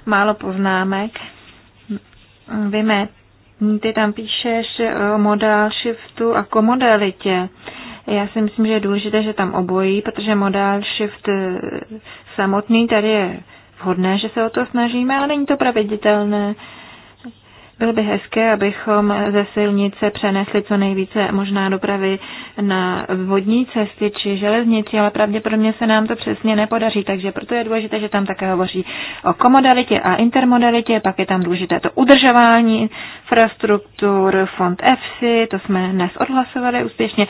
málo poznámek. Víme ty tam píšeš o eh, modál shiftu a komodalitě. Já si myslím, že je důležité, že tam obojí, protože modál shift eh, samotný tady je vhodné, že se o to snažíme, ale není to praviditelné. Bylo by hezké, abychom ze silnice přenesli co nejvíce možná dopravy na vodní cesty či železnici, ale pravděpodobně se nám to přesně nepodaří, takže proto je důležité, že tam také hovoří o komodalitě a intermodalitě, pak je tam důležité to udržování infrastruktur, fond EFSI, to jsme dnes odhlasovali úspěšně,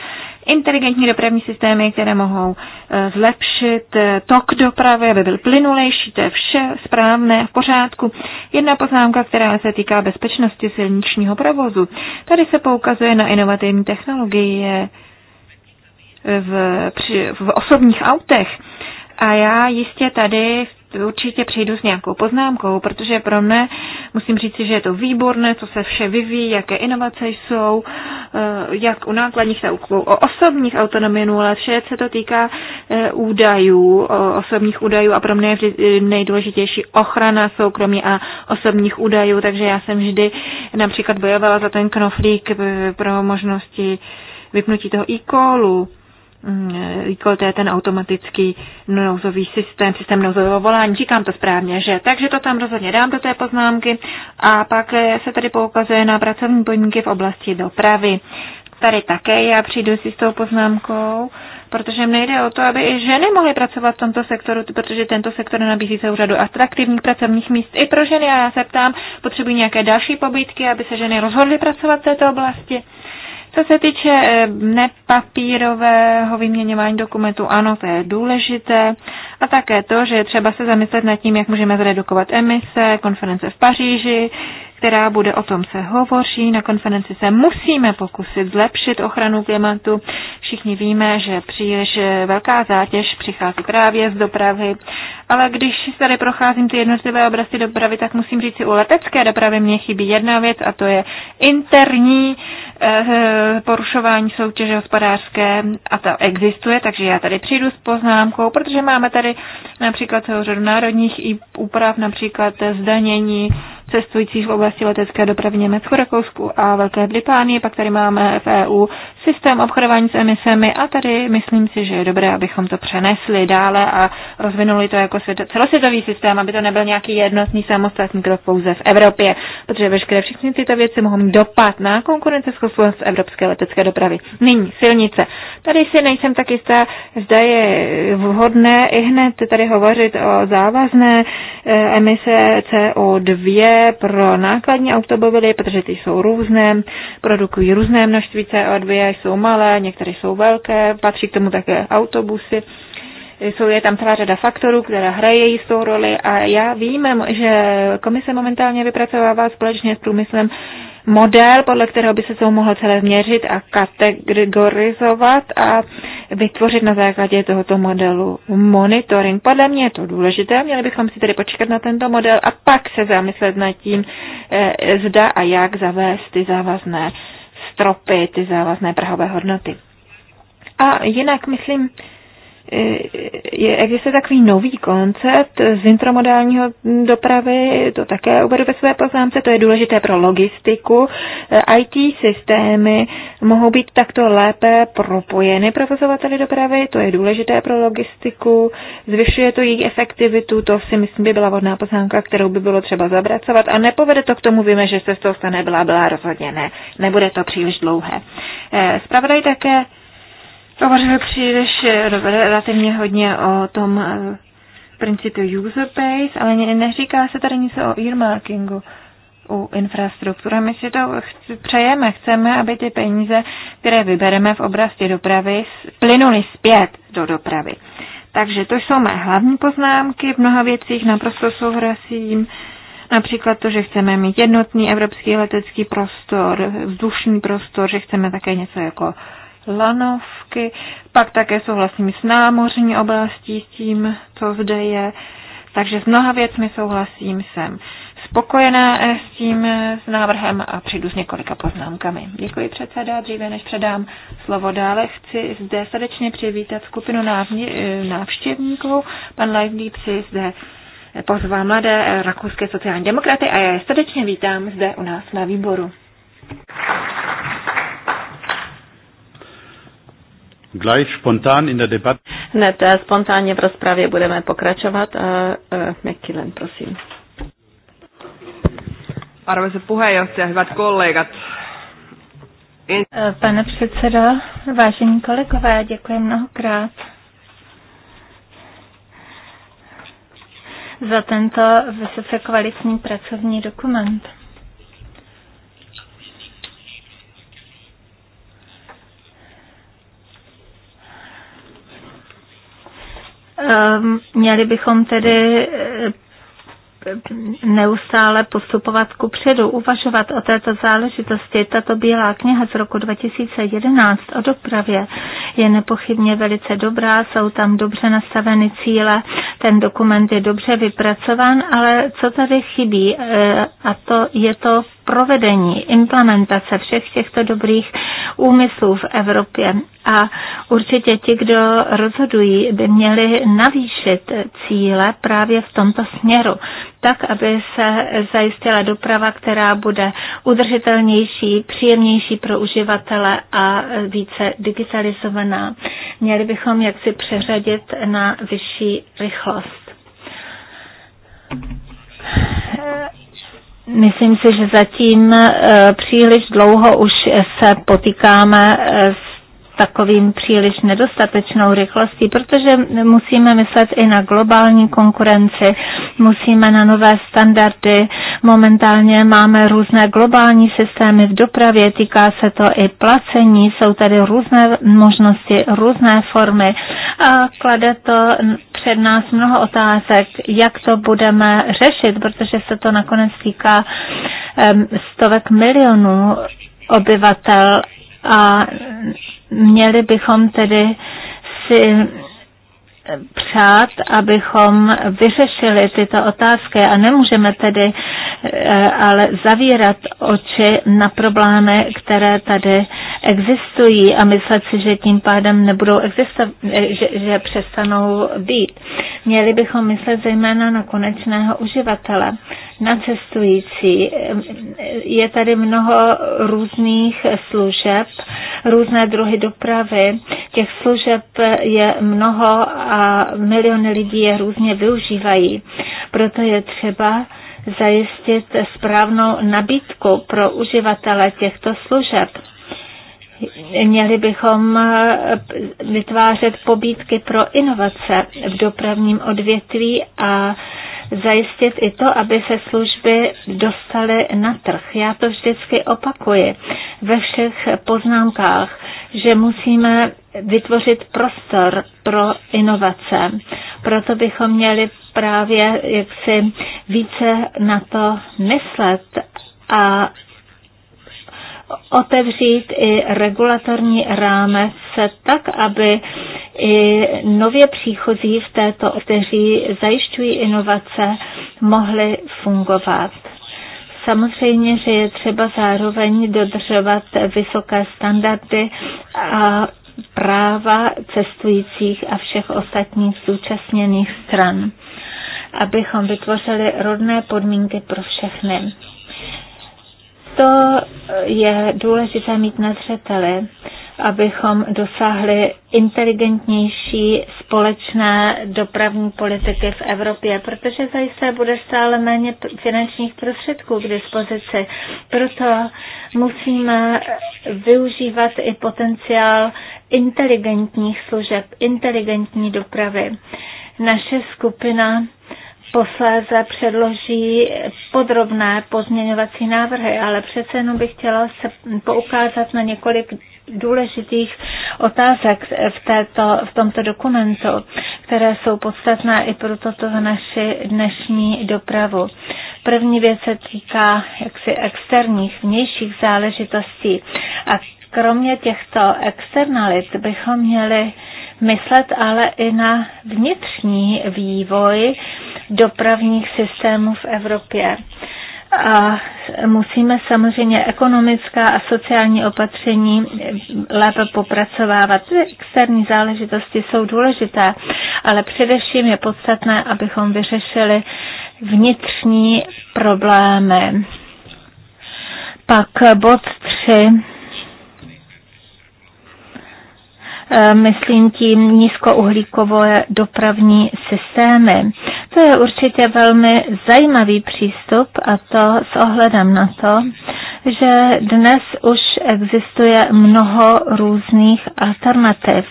inteligentní dopravní systémy, které mohou eh, zlepšit eh, tok dopravy, aby byl plynulejší, to je vše správné, v pořádku. Jedna poznámka, která se týká bezpečnosti silničního provozu. Tady se poukazuje na inovativní technologie eh, v, při, v osobních autech. A já jistě tady v určitě přijdu s nějakou poznámkou, protože pro mne musím říct, že je to výborné, co se vše vyvíjí, jaké inovace jsou, eh, jak u nákladních nauků, o osobních autonomii ale vše se to týká eh, údajů, osobních údajů a pro mě je eh, nejdůležitější ochrana soukromí a osobních údajů, takže já jsem vždy například bojovala za ten knoflík pro možnosti vypnutí toho e-callu recall, to je ten automatický nouzový systém, systém nouzového volání, říkám to správně, že? Takže to tam rozhodně dám do té poznámky a pak eh, se tady poukazuje na pracovní podmínky v oblasti dopravy. Tady také já přijdu si s tou poznámkou, protože mi nejde o to, aby i ženy mohly pracovat v tomto sektoru, protože tento sektor nabízí celou řadu atraktivních pracovních míst i pro ženy a já se ptám, potřebují nějaké další pobídky, aby se ženy rozhodly pracovat v této oblasti. Co se týče eh, nepapírového vyměňování dokumentů, ano, to je důležité. A také to, že je třeba se zamyslet nad tím, jak můžeme zredukovat emise, konference v Paříži, která bude o tom se hovoří. Na konferenci se musíme pokusit zlepšit ochranu klimatu. Všichni víme, že příliš eh, velká zátěž přichází právě z dopravy, ale když tady procházím ty jednotlivé oblasti dopravy, tak musím říct, si u letecké dopravy mě chybí jedna věc a to je interní eh, porušování soutěže hospodářské a to existuje, takže já tady přijdu s poznámkou, protože máme tady například celou řadu národních i úprav, například zdanění cestujících v oblasti letecké dopravy Německu, Rakousku a Velké Británii. Pak tady máme v EU systém obchodování s emisí komisemi a tady myslím si, že je dobré, abychom to přenesli dále a rozvinuli to jako svět, celosvětový systém, aby to nebyl nějaký jednotný samostatný krok pouze v Evropě, protože veškeré všechny tyto věci mohou mít dopad na konkurenceschopnost evropské letecké dopravy. Nyní silnice. Tady si nejsem tak jistá, zda je vhodné i hned tady hovořit o závazné eh, emise CO2 pro nákladní automobily, protože ty jsou různé, produkují různé množství CO2, jsou malé, některé jsou jsou velké, patří k tomu také autobusy. Jsou je tam celá řada faktorů, která hraje jistou roli a já vím, že komise momentálně vypracovává společně s průmyslem model, podle kterého by se to mohlo celé změřit a kategorizovat a vytvořit na základě tohoto modelu monitoring. Podle mě je to důležité, měli bychom si tedy počkat na tento model a pak se zamyslet nad tím, eh, zda a jak zavést ty závazné stropy, ty závazné prahové hodnoty. A jinak, myslím, eh, je, existuje takový nový koncept z intromodálního dopravy, to také uvedu ve své poznámce, to je důležité pro logistiku. Eh, IT systémy mohou být takto lépe propojeny provozovateli dopravy, to je důležité pro logistiku, zvyšuje to její efektivitu, to si myslím by byla vodná poznámka, kterou by bylo třeba zabracovat a nepovede to k tomu, víme, že se z toho stane byla, byla rozhodně ne, nebude to příliš dlouhé. Spravodaj eh, také Hovořili příliš relativně hodně o tom eh, principu user base, ale neříká se tady nic o earmarkingu u infrastruktury. My si to přejeme, chceme, aby ty peníze, které vybereme v oblasti dopravy, plynuly zpět do dopravy. Takže to jsou mé hlavní poznámky, v mnoha věcích naprosto souhlasím. Například to, že chceme mít jednotný evropský letecký prostor, vzdušný prostor, že chceme také něco jako lanovky, pak také souhlasím s námořní oblastí, s tím, co zde je. Takže s mnoha věcmi souhlasím, jsem spokojená eh, s tím eh, s návrhem a přijdu s několika poznámkami. Děkuji předseda. Dříve než předám slovo dále, chci zde srdečně přivítat skupinu eh, návštěvníků. Pan Leibniz si zde pozvá mladé rakouské sociální demokraty a já je srdečně vítám zde u nás na výboru gleich spontan in der Debatte. Hned spontánně v rozpravě budeme pokračovat. A, McKillen, prosím. Arvoisa puheenjohtaja, hyvät kollegat. Eh, pane předsedo, vážení kolegové, děkuji mnohokrát za tento vysoce kvalitní pracovní dokument. měli bychom tedy eh, neustále postupovat ku předu, uvažovat o této záležitosti. Tato bílá kniha z roku 2011 o dopravě je nepochybně velice dobrá, jsou tam dobře nastaveny cíle ten dokument je dobře vypracován, ale co tady chybí, eh, a to je to provedení, implementace všech těchto dobrých úmyslů v Evropě. A určitě ti, kdo rozhodují, by měli navýšit cíle právě v tomto směru, tak, aby se zajistila doprava, která bude udržitelnější, příjemnější pro uživatele a více digitalizovaná. Měli bychom jaksi přeřadit na vyšší rychlost rychlost. Myslím si, že zatím eh, příliš dlouho už se potýkáme eh, takovým příliš nedostatečnou rychlostí, protože musíme myslet i na globální konkurenci, musíme na nové standardy. Momentálně máme různé globální systémy v dopravě, týká se to i placení, jsou tady různé možnosti, různé formy a klade to před nás mnoho otázek, jak to budeme řešit, protože se to nakonec týká stovek milionů obyvatel a Měli bychom tedy si přát, abychom vyřešili tyto otázky a nemůžeme tedy eh, ale zavírat oči na problémy, které tady existují a myslet si, že tím pádem nebudou existovat, že, že přestanou být. Měli bychom myslet zejména na konečného uživatele, na cestující. Je tady mnoho různých služeb, různé druhy dopravy. Těch služeb je mnoho a miliony lidí je různě využívají. Proto je třeba zajistit správnou nabídku pro uživatele těchto služeb. Měli bychom eh, vytvářet pobídky pro inovace v dopravním odvětví a zajistit i to, aby se služby dostaly na trh. Já to vždycky opakuji ve všech poznámkách, že musíme vytvořit prostor pro inovace. Proto bychom měli právě jaksi více na to myslet a otevřít i regulatorní rámec tak, aby i nově příchozí v této, kteří zajišťují inovace, mohly fungovat. Samozřejmě, že je třeba zároveň dodržovat vysoké standardy a práva cestujících a všech ostatních zúčastněných stran, abychom vytvořili rodné podmínky pro všechny. To je důležité mít na zřeteli, abychom dosáhli inteligentnější společné dopravní politiky v Evropě, protože zajisté bude stále méně finančních prostředků k dispozici. Proto musíme využívat i potenciál inteligentních služeb, inteligentní dopravy. Naše skupina posléze předloží podrobné pozměňovací návrhy, ale přece jenom bych chtěla se poukázat na několik důležitých otázek v, této, v tomto dokumentu, které jsou podstatné i pro toto naši dnešní dopravu. První věc se týká jaksi externích, vnějších záležitostí a kromě těchto externalit bychom měli myslet ale i na vnitřní vývoj dopravních systémů v Evropě. A musíme samozřejmě ekonomická a sociální opatření lépe popracovávat. Externí záležitosti jsou důležité, ale především je podstatné, abychom vyřešili vnitřní problémy. Pak bod 3 Eh, myslím tím nízkouhlíkové dopravní systémy. To je určitě velmi zajímavý přístup a to s ohledem na to, že dnes už existuje mnoho různých alternativ.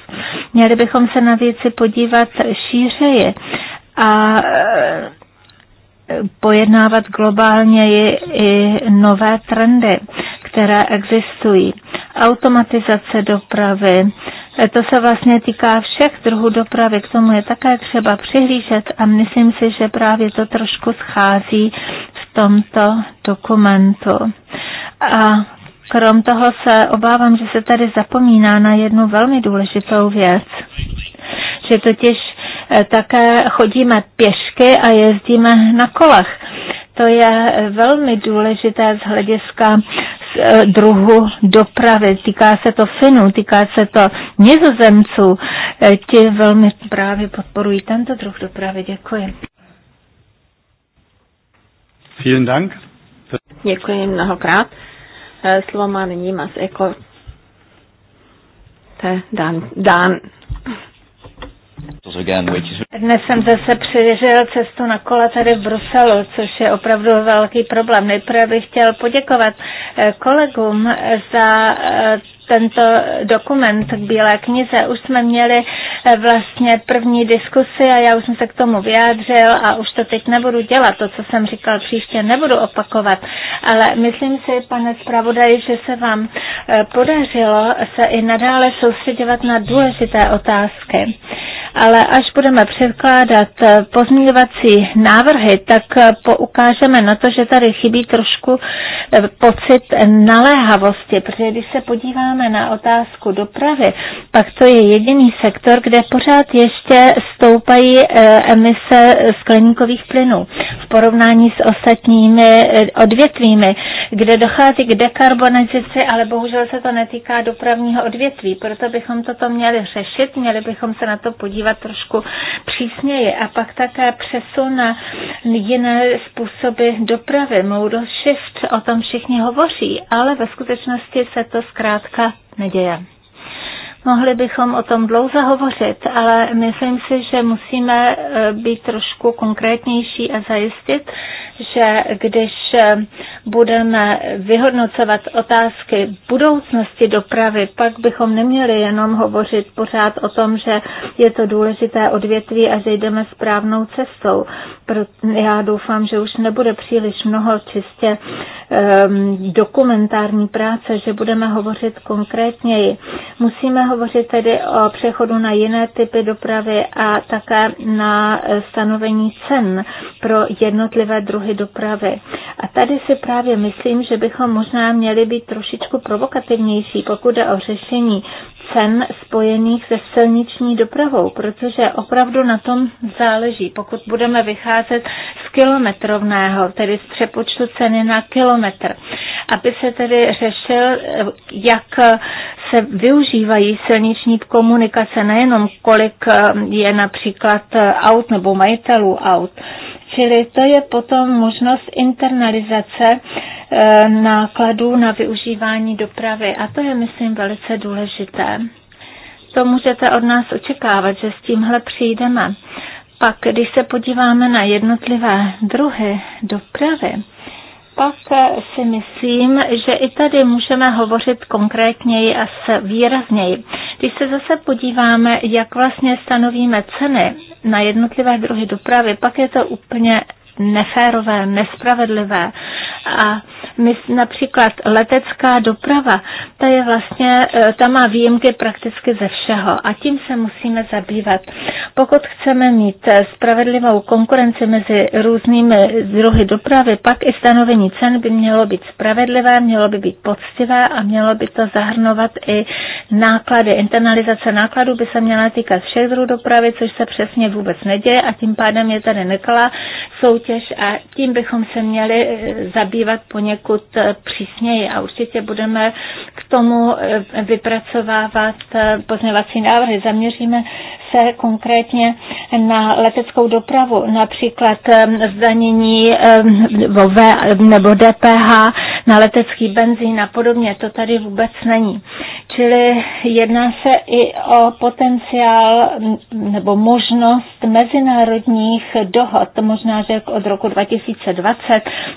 Měli bychom se na věci podívat šířeji a eh, pojednávat globálně i nové trendy, které existují. Automatizace dopravy, E, to se vlastně týká všech druhů dopravy, k tomu je také třeba přihlížet a myslím si, že právě to trošku schází v tomto dokumentu. A krom toho se obávám, že se tady zapomíná na jednu velmi důležitou věc, že totiž e, také chodíme pěšky a jezdíme na kolech. To je e, velmi důležité z hlediska Eh, druhu dopravy. Týká se to Finů, týká se to Nizozemců. Eh, ti velmi právě podporují tento druh dopravy. Děkuji. Vielen Dank. Děkuji mnohokrát. Eh, slovo má nyní Mas Eko. To je Dan. Dan. Dnes jsem zase přežil cestu na kole tady v Bruselu, což je opravdu velký problém. Nejprve bych chtěl poděkovat eh, kolegům za eh, tento dokument k Bílé knize. Už jsme měli eh, vlastně první diskusy a já už jsem se k tomu vyjádřil a už to teď nebudu dělat. To, co jsem říkal příště, nebudu opakovat. Ale myslím si, pane zpravodaji, že se vám eh, podařilo se i nadále soustředovat na důležité otázky. Ale až budeme předkládat eh, pozměňovací návrhy, tak poukážeme na to, že tady chybí trošku pocit naléhavosti, protože když se podíváme podíváme na otázku dopravy, pak to je jediný sektor, kde pořád ještě stoupají eh, emise skleníkových plynů v porovnání s ostatními eh, odvětvími, kde dochází k dekarbonizaci, ale bohužel se to netýká dopravního odvětví. Proto bychom toto měli řešit, měli bychom se na to podívat trošku přísněji. A pak také přesun na jiné způsoby dopravy, modal shift, o tom všichni hovoří, ale ve skutečnosti se to zkrátka neděje. Mohli bychom o tom dlouze hovořit, ale myslím si, že musíme e, být trošku konkrétnější a zajistit, že když e, budeme vyhodnocovat otázky budoucnosti dopravy, pak bychom neměli jenom hovořit pořád o tom, že je to důležité odvětví a že jdeme správnou cestou. Já doufám, že už nebude příliš mnoho čistě e, dokumentární práce, že budeme hovořit konkrétněji. Musíme hovořit tedy o přechodu na jiné typy dopravy a také na stanovení cen pro jednotlivé druhy dopravy. A tady si právě myslím, že bychom možná měli být trošičku provokativnější, pokud jde o řešení cen spojených se silniční dopravou, protože opravdu na tom záleží. Pokud budeme vycházet z kilometrovného, tedy z přepočtu ceny na kilometr, aby se tedy řešil, jak se využívají silniční komunikace, nejenom kolik je například aut nebo majitelů aut. Čili to je potom možnost internalizace eh, nákladů na využívání dopravy a to je, myslím, velice důležité. To můžete od nás očekávat, že s tímhle přijdeme. Pak, když se podíváme na jednotlivé druhy dopravy, zápase si myslím, že i tady můžeme hovořit konkrétněji a výrazněji. Když se zase podíváme, jak vlastně stanovíme ceny na jednotlivé druhy dopravy, pak je to úplně neférové, nespravedlivé a my například letecká doprava, ta je vlastně, e, ta má výjimky prakticky ze všeho a tím se musíme zabývat. Pokud chceme mít e, spravedlivou konkurenci mezi různými druhy dopravy, pak i stanovení cen by mělo být spravedlivé, mělo by být poctivé a mělo by to zahrnovat i náklady. Internalizace nákladů by se měla týkat všech druhů dopravy, což se přesně vůbec neděje a tím pádem je tady nekalá soutěž a tím bychom se měli zabývat e, zabývat poněkud eh, přísněji a určitě budeme k tomu eh, vypracovávat eh, pozměvací návrhy. Zaměříme se konkrétně na leteckou dopravu, například zdanění nebo DPH na letecký benzín a podobně. To tady vůbec není. Čili jedná se i o potenciál mm, nebo možnost mezinárodních dohod. Možná, že od roku 2020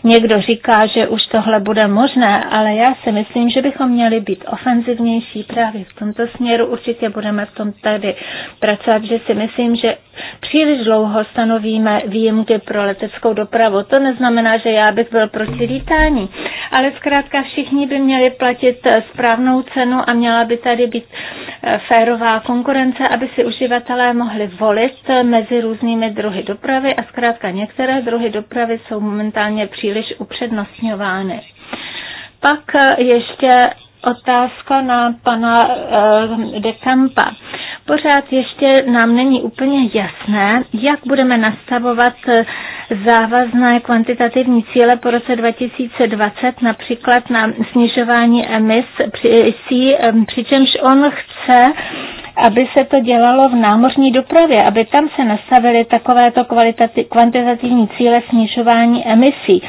někdo říká, říká, že už tohle bude možné, ale já si myslím, že bychom měli být ofenzivnější právě v tomto směru. Určitě budeme v tom tady pracovat, že si myslím, že příliš dlouho stanovíme výjimky pro leteckou dopravu. To neznamená, že já bych byl proti lítání, ale zkrátka všichni by měli platit eh, správnou cenu a měla by tady být eh, férová konkurence, aby si uživatelé mohli volit eh, mezi různými druhy dopravy a zkrátka některé druhy dopravy jsou momentálně příliš upřed upřednostňovány. Pak eh, ještě otázka na pana eh, de Campa. Pořád ještě nám není úplně jasné, jak budeme nastavovat eh, závazné kvantitativní cíle po roce 2020, například na snižování emis, přičemž on chce aby se to dělalo v námořní dopravě, aby tam se nastavily takovéto kvantitativní cíle snižování emisí.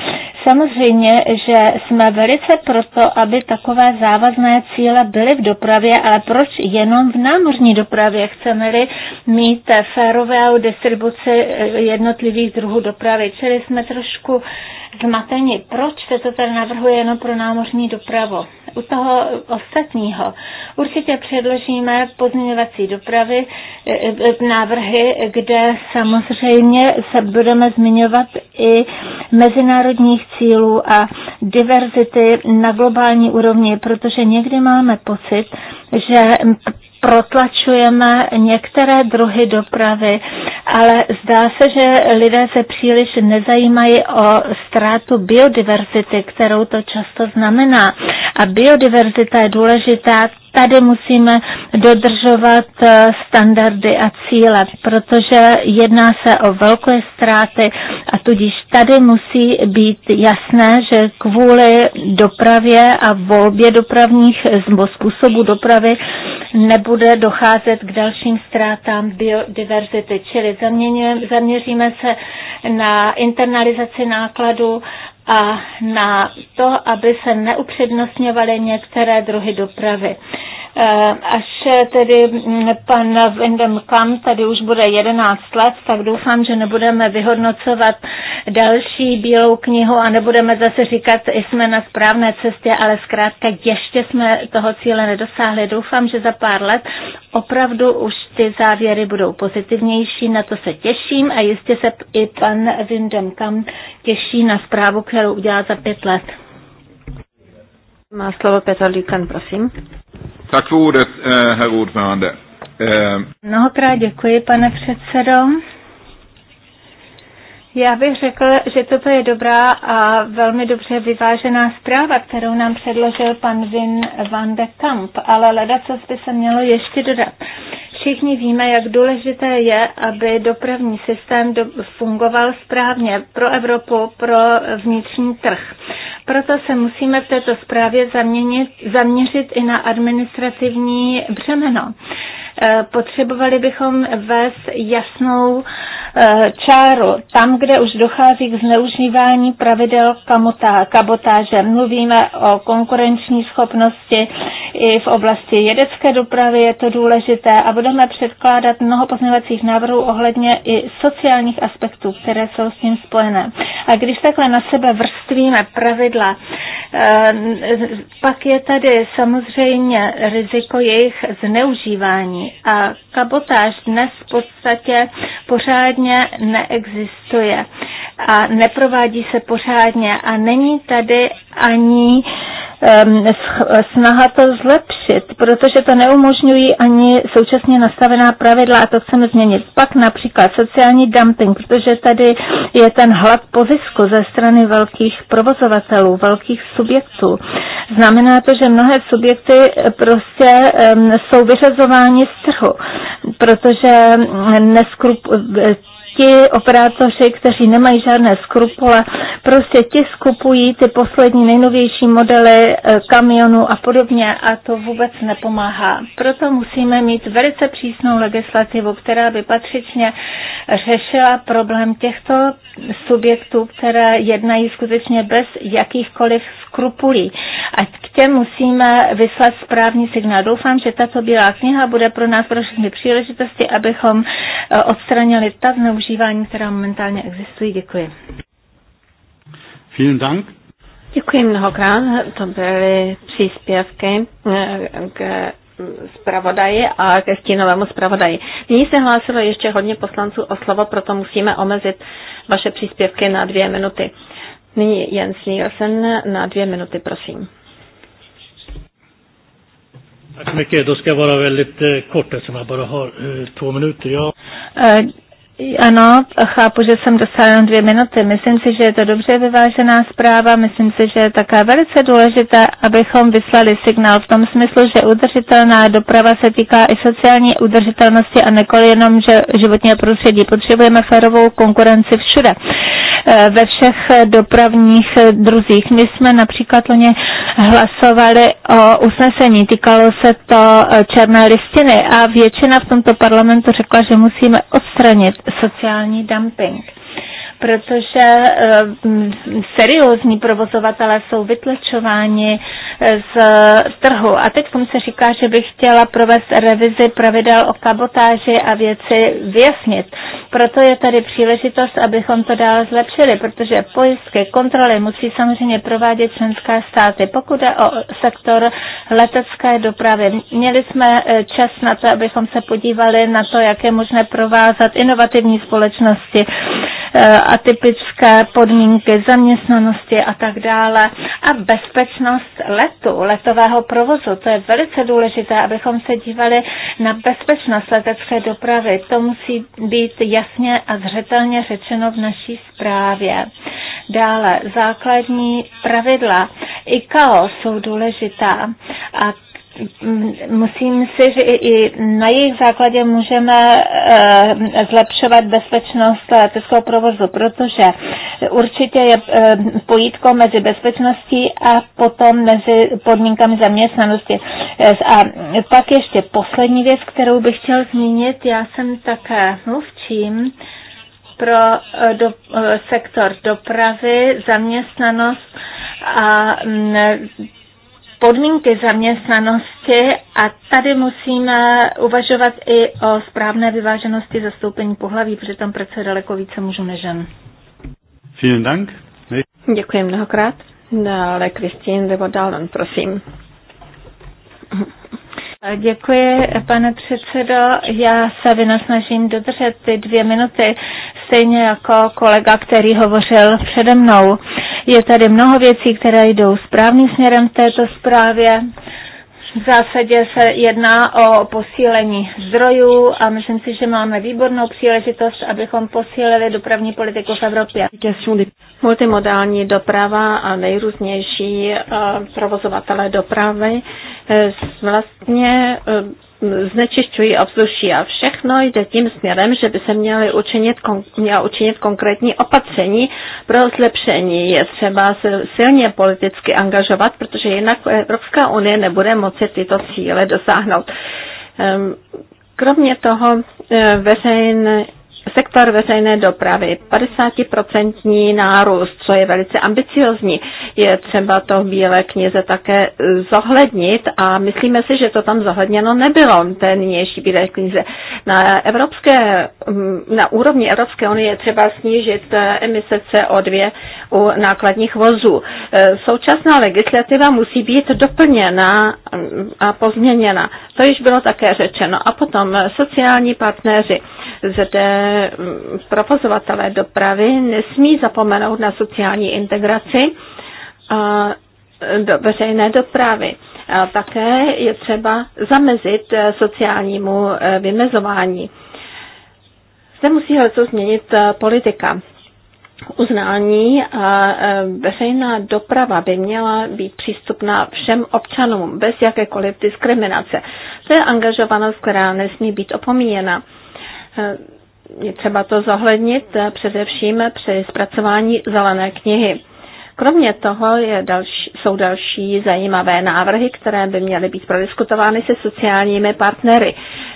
Samozřejmě, že jsme velice proto, aby takové závazné cíle byly v dopravě, ale proč jenom v námořní dopravě? Chceme-li mít férovou distribuci jednotlivých druhů dopravy, čili jsme trošku uh, zmateni, proč se to tady navrhuje jenom pro námořní dopravu. U toho ostatního určitě předložíme pozměňovací dopravy, e, e, návrhy, kde samozřejmě se budeme zmiňovat i mezinárodních cílů a diverzity na globální úrovni, protože někdy máme pocit, že protlačujeme některé druhy dopravy, ale zdá se, že lidé se příliš nezajímají o ztrátu biodiverzity, kterou to často znamená. A biodiverzita je důležitá tady musíme dodržovat eh, standardy a cíle, protože jedná se o velké ztráty a tudíž tady musí být jasné, že kvůli dopravě a volbě dopravních způsobů dopravy nebude docházet k dalším ztrátám biodiverzity. Čili zaměříme se na internalizaci nákladu a na to, aby se neupřednostňovaly některé druhy dopravy. Eh, až tedy mm, pan Vindem Kam tady už bude 11 let, tak doufám, že nebudeme vyhodnocovat další bílou knihu a nebudeme zase říkat, jsme na správné cestě, ale zkrátka ještě jsme toho cíle nedosáhli. Doufám, že za pár let opravdu už ty závěry budou pozitivnější, na to se těším a jistě se i pan Vindem Kam těší na zprávu, kterou udělá za pět let. Má slovo Petr Líkan, prosím. Tak för ordet, eh, herr ordförande. Eh, Mnohokrát děkuji, pane předsedo. Já bych řekl, že toto je dobrá a velmi dobře vyvážená zpráva, kterou nám předložil pan Vin van de Kamp, ale leda, co by se mělo ještě dodat. Všichni víme, jak důležité je, aby dopravní systém fungoval správně pro Evropu, pro vnitřní trh. Proto se musíme v této zprávě zaměnit, zaměřit i na administrativní břemeno. Eh, potřebovali bychom vést jasnou eh, čáru tam, kde už dochází k zneužívání pravidel kabotáže. Mluvíme o konkurenční schopnosti i v oblasti jedecké dopravy, je to důležité a budeme předkládat mnoho pozměňovacích návrhů ohledně i sociálních aspektů, které jsou s tím spojené. A když takhle na sebe vrstvíme pravidla, eh, pak je tady samozřejmě riziko jejich zneužívání a kabotáž dnes v podstatě pořádně neexistuje a neprovádí se pořádně a není tady ani snaha to zlepšit, protože to neumožňují ani současně nastavená pravidla a to chceme změnit. Pak například sociální dumping, protože tady je ten hlad po zisku ze strany velkých provozovatelů, velkých subjektů. Znamená to, že mnohé subjekty prostě jsou vyřazováni z trhu, protože neskrup, ti operátoři, kteří nemají žádné skrupule, prostě ti skupují ty poslední nejnovější modely eh, kamionů a podobně a to vůbec nepomáhá. Proto musíme mít velice přísnou legislativu, která by patřičně řešila problém těchto subjektů, které jednají skutečně bez jakýchkoliv skrupulí. A k těm musíme vyslat správný signál. Doufám, že tato bílá kniha bude pro nás pro všechny příležitosti, abychom eh, odstranili ta zneužívání, která momentálně existují. Děkuji. Vielen Dank. Děkuji mnohokrát. To byly příspěvky eh, k zpravodaji a ke stínovému zpravodaji. Nyní se hlásilo ještě hodně poslanců o slovo, proto musíme omezit vaše příspěvky na dvě minuty. Nyní Jens Nielsen na dvě minuty, prosím. Tack mycket. Då ska jag vara väldigt eh, kort eftersom jag bara har eh, två minuter. Eh, ano, chápu, že jsem dostal jenom dvě minuty. Myslím si, že je to dobře vyvážená zpráva. Myslím si, že je také velice důležité, abychom vyslali signál v tom smyslu, že udržitelná doprava se týká i sociální udržitelnosti a nikoli jenom že životního prostředí. Potřebujeme férovou konkurenci všude. Eh, ve všech dopravních druzích. My jsme například loni hlasovali o usnesení, týkalo se to eh, černé listiny a většina v tomto parlamentu řekla, že musíme odstranit sociální dumping protože eh, seriózní provozovatelé jsou vytlačováni eh, z trhu. A teď se říká, že bych chtěla provést revizi pravidel o kabotáži a věci vyjasnit. Proto je tady příležitost, abychom to dále zlepšili, protože pojistky, kontroly musí samozřejmě provádět členské státy. Pokud je o sektor letecké dopravy, měli jsme eh, čas na to, abychom se podívali na to, jak je možné provázat inovativní společnosti atypické podmínky zaměstnanosti a tak dále a bezpečnost letu, letového provozu. To je velice důležité, abychom se dívali na bezpečnost letecké dopravy. To musí být jasně a zřetelně řečeno v naší zprávě. Dále základní pravidla ICAO jsou důležitá a Musím si, že i na jejich základě můžeme eh, zlepšovat bezpečnost leteckého eh, provozu, protože určitě je eh, pojítko mezi bezpečností a potom mezi podmínkami zaměstnanosti. A pak ještě poslední věc, kterou bych chtěl zmínit. Já jsem také mluvčím pro do, sektor dopravy, zaměstnanost a mm, podmínky zaměstnanosti a tady musíme uvažovat i o správné vyváženosti zastoupení pohlaví, protože tam pracuje daleko více mužů než žen. Vielen Dank. Děkuji mnohokrát. Dále Kristín nebo Dallon, prosím. Děkuji, pane předsedo. Já se vynasnažím dodržet ty dvě minuty, stejně jako kolega, který hovořil přede mnou. Je tady mnoho věcí, které jdou správným směrem v této zprávě. V zásadě se jedná o posílení zdrojů a myslím si, že máme výbornou příležitost, abychom posílili dopravní politiku v Evropě. Multimodální doprava a nejrůznější eh, provozovatele dopravy E, vlastně e, znečišťují ovzduší a všechno jde tím směrem, že by se měly učinit, měla učinit konkrétní opatření pro zlepšení. Je třeba se silně politicky angažovat, protože jinak Evropská unie nebude moci tyto cíle dosáhnout. Ehm, kromě toho e, veřejné sektor veřejné dopravy, 50% nárůst, co je velice ambiciozní. Je třeba to v Bílé knize také eh, zohlednit a myslíme si, že to tam zohledněno nebylo, té nynější Bílé knize. Na, evropské, mm, na úrovni Evropské unie je třeba snížit eh, emise CO2 u nákladních vozů. Eh, současná legislativa musí být doplněna mm, a pozměněna. To již bylo také řečeno. A potom sociální partnéři zde provozovatelé dopravy nesmí zapomenout na sociální integraci a do veřejné dopravy. A také je třeba zamezit sociálnímu eh, vymezování. Zde musí co změnit eh, politika. Uznání a eh, veřejná doprava by měla být přístupná všem občanům bez jakékoliv diskriminace. To je angažovanost, která nesmí být opomíjena je třeba to zohlednit eh, především při zpracování zelené knihy. Kromě toho je další, jsou další zajímavé návrhy, které by měly být prodiskutovány se sociálními partnery.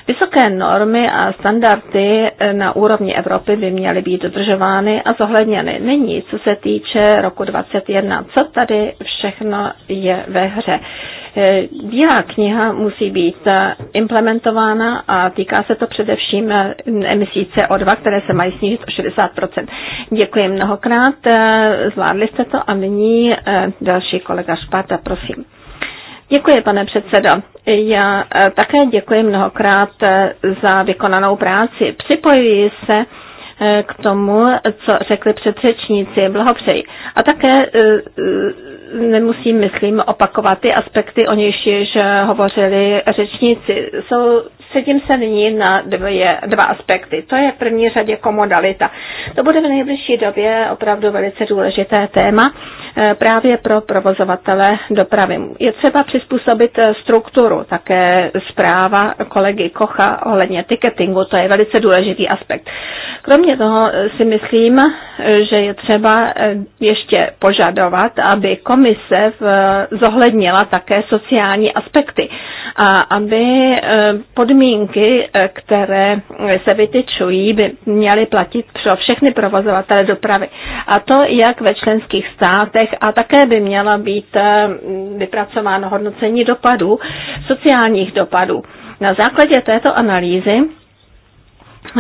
Vysoké normy a standardy eh, na úrovni Evropy by měly být dodržovány a zohledněny. Nyní, co se týče roku 2021, co tady všechno je ve hře? Eh, Bílá kniha musí být eh, implementována a týká se to především emisí CO2, které se mají snížit o 60 Děkuji mnohokrát, zvládli jste to a nyní další kolega Šparta, prosím. Děkuji, pane předsedo. Já eh, také děkuji mnohokrát eh, za vykonanou práci. Připojuji se eh, k tomu, co řekli předřečníci. Blahopřeji. A také nemusím, myslím, opakovat ty aspekty, o nichž již hovořili řečníci. Jsou Sedím se nyní na dvě, dva aspekty. To je v první řadě komodalita. To bude v nejbližší době opravdu velice důležité téma E, právě pro provozovatele dopravy. Je třeba přizpůsobit e, strukturu, také zpráva kolegy Kocha ohledně ticketingu, to je velice důležitý aspekt. Kromě toho e, si myslím, že je třeba ještě požadovat, aby komise zohlednila také sociální aspekty a aby podmínky, které se vytyčují, by měly platit pro všechny provozovatele dopravy. A to jak ve členských státech, státech a také by měla být eh, vypracováno hodnocení dopadů, sociálních dopadů. Na základě této analýzy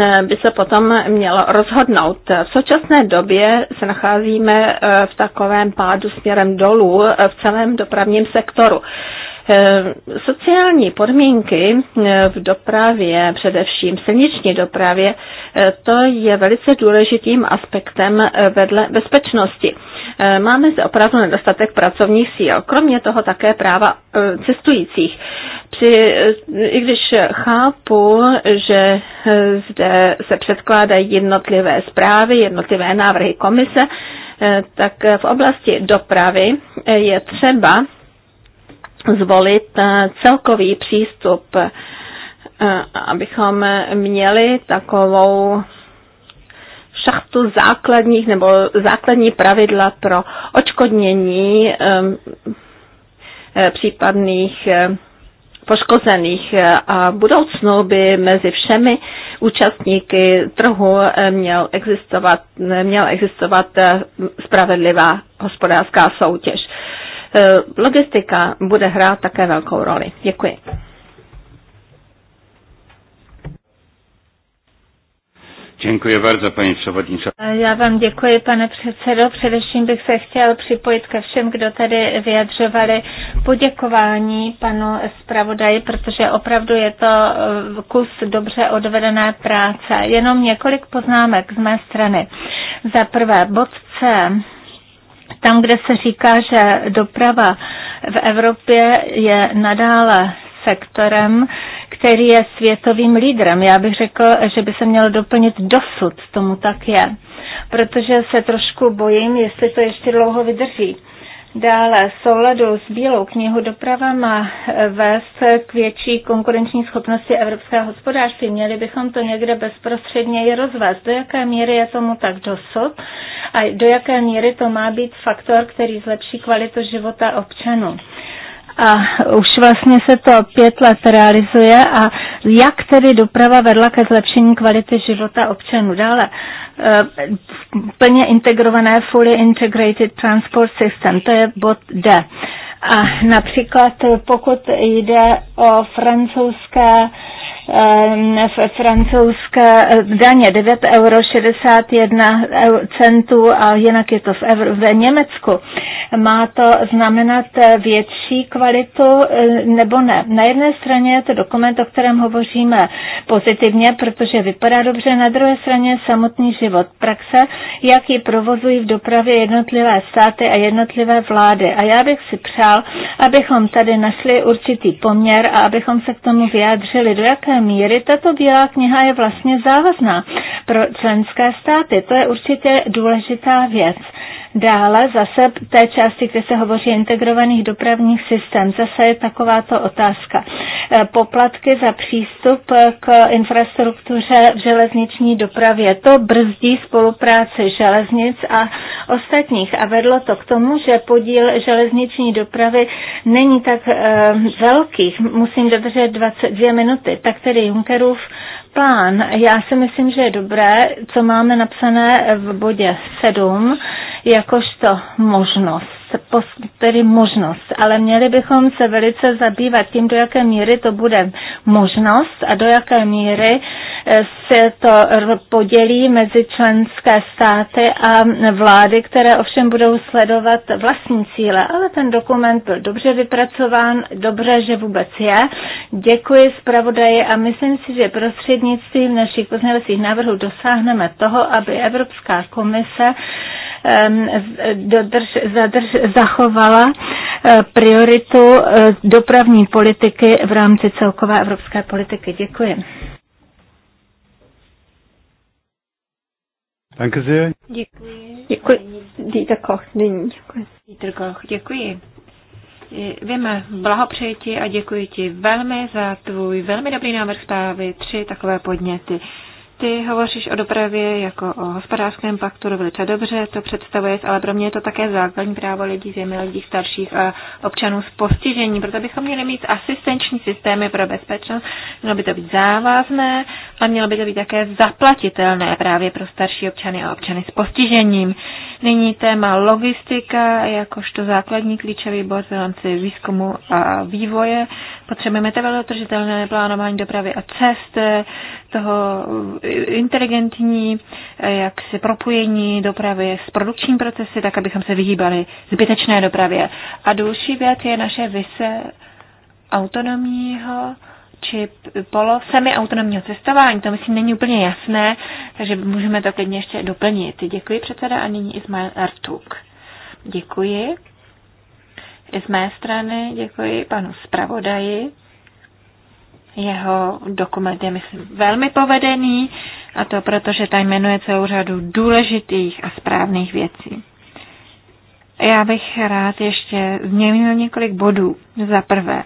eh, by se potom mělo rozhodnout. V současné době se nacházíme eh, v takovém pádu směrem dolů v celém dopravním sektoru. Sociální podmínky v dopravě, především silniční dopravě, to je velice důležitým aspektem vedle bezpečnosti. Eh, máme zde opravdu nedostatek pracovních síl. Kromě toho také práva eh, cestujících. Při, eh, I když chápu, že zde se předkládají jednotlivé zprávy, jednotlivé návrhy komise, tak v oblasti dopravy je třeba zvolit celkový přístup, abychom měli takovou šachtu základních nebo základní pravidla pro očkodnění eh, případných eh, poškozených a v budoucnu by mezi všemi účastníky trhu eh, měl existovat, měl existovat spravedlivá hospodářská soutěž. Logistika bude hrát také velkou roli. Děkuji. Děkuji bardzo, paní předsednice. Já vám děkuji, pane předsedo. Především bych se chtěl připojit ke všem, kdo tady vyjadřovali poděkování panu zpravodaji, protože opravdu je to e, kus dobře odvedené práce. Jenom několik poznámek z mé strany. Za prvé, bod C tam, kde se říká, že doprava v Evropě je nadále sektorem, který je světovým lídrem. Já bych řekl, že by se mělo doplnit dosud, tomu tak je, protože se trošku bojím, jestli to ještě dlouho vydrží. Dále souladu s Bílou knihu doprava má eh, vést k větší konkurenční schopnosti evropského hospodářství. Měli bychom to někde bezprostředně i rozvést. Do jaké míry je tomu tak dosud a do jaké míry to má být faktor, který zlepší kvalitu života občanů a už vlastně se to pět let realizuje a jak tedy doprava vedla ke zlepšení kvality života občanů. Dále e, plně integrované fully integrated transport system, to je bod D. A například pokud jde o francouzské Ehm, v francouzské eh, daně 9 euro 61 centů a jinak je to v, Evro, v Německu. Má to znamenat eh, větší kvalitu eh, nebo ne? Na jedné straně je to dokument, o kterém hovoříme pozitivně, protože vypadá dobře, na druhé straně samotný život praxe, jak ji provozují v dopravě jednotlivé státy a jednotlivé vlády. A já bych si přál, abychom tady našli určitý poměr a abychom se k tomu vyjádřili, do jaké míry tato bílá kniha je vlastně závazná pro členské státy. To je určitě důležitá věc. Dále zase té části, kde se hovoří o integrovaných dopravních systém, zase je takováto otázka. Eh, poplatky za přístup eh, k infrastruktuře v železniční dopravě. To brzdí spolupráci železnic a ostatních a vedlo to k tomu, že podíl železniční dopravy není tak e, velký. Musím dodržet 22 minuty. Tak tedy Junkerův plán. Já si myslím, že je dobré, co máme napsané v bodě 7, jakožto možnost tedy možnost, ale měli bychom se velice zabývat tím, do jaké míry to bude možnost a do jaké míry eh, se to podělí mezi členské státy a vlády, které ovšem budou sledovat vlastní cíle. Ale ten dokument byl dobře vypracován, dobře, že vůbec je. Děkuji zpravodaji a myslím si, že prostřednictvím našich pozměňovacích návrhů dosáhneme toho, aby Evropská komise dodrž, zadrž, zachovala eh, prioritu eh, dopravní politiky v rámci celkové evropské politiky. Děkuji. Danke sehr. Děkuji. Děkuji. Děkuji. děkuji. Víme, blahopřeji ti a děkuji ti velmi za tvůj velmi dobrý návrh zprávy, tři takové podněty. Ty hovoříš o dopravě jako o hospodářském paktu, velice dobře to představuje, ale pro mě je to také základní právo lidí, zejména lidí starších a občanů s postižením. Proto bychom měli mít asistenční systémy pro bezpečnost. Mělo by to být závazné a mělo by to být také zaplatitelné právě pro starší občany a občany s postižením. Nyní téma logistika jakožto základní klíčový bod v rámci výzkumu a vývoje. Potřebujeme trvalé udržitelné plánování dopravy a cest, toho inteligentní eh, jak si propojení dopravy s produkčním procesy, tak abychom se vyhýbali zbytečné dopravě. A další věc je naše vise autonomního či polo semiautonomního cestování. To myslím není úplně jasné, takže můžeme to klidně ještě doplnit. Děkuji předseda a nyní Ismail Artuk. Děkuji. I z mé strany děkuji panu zpravodaji jeho dokument je, myslím, velmi povedený, a to proto, že tam jmenuje celou řadu důležitých a správných věcí. Já bych rád ještě změnil několik bodů. Za prvé,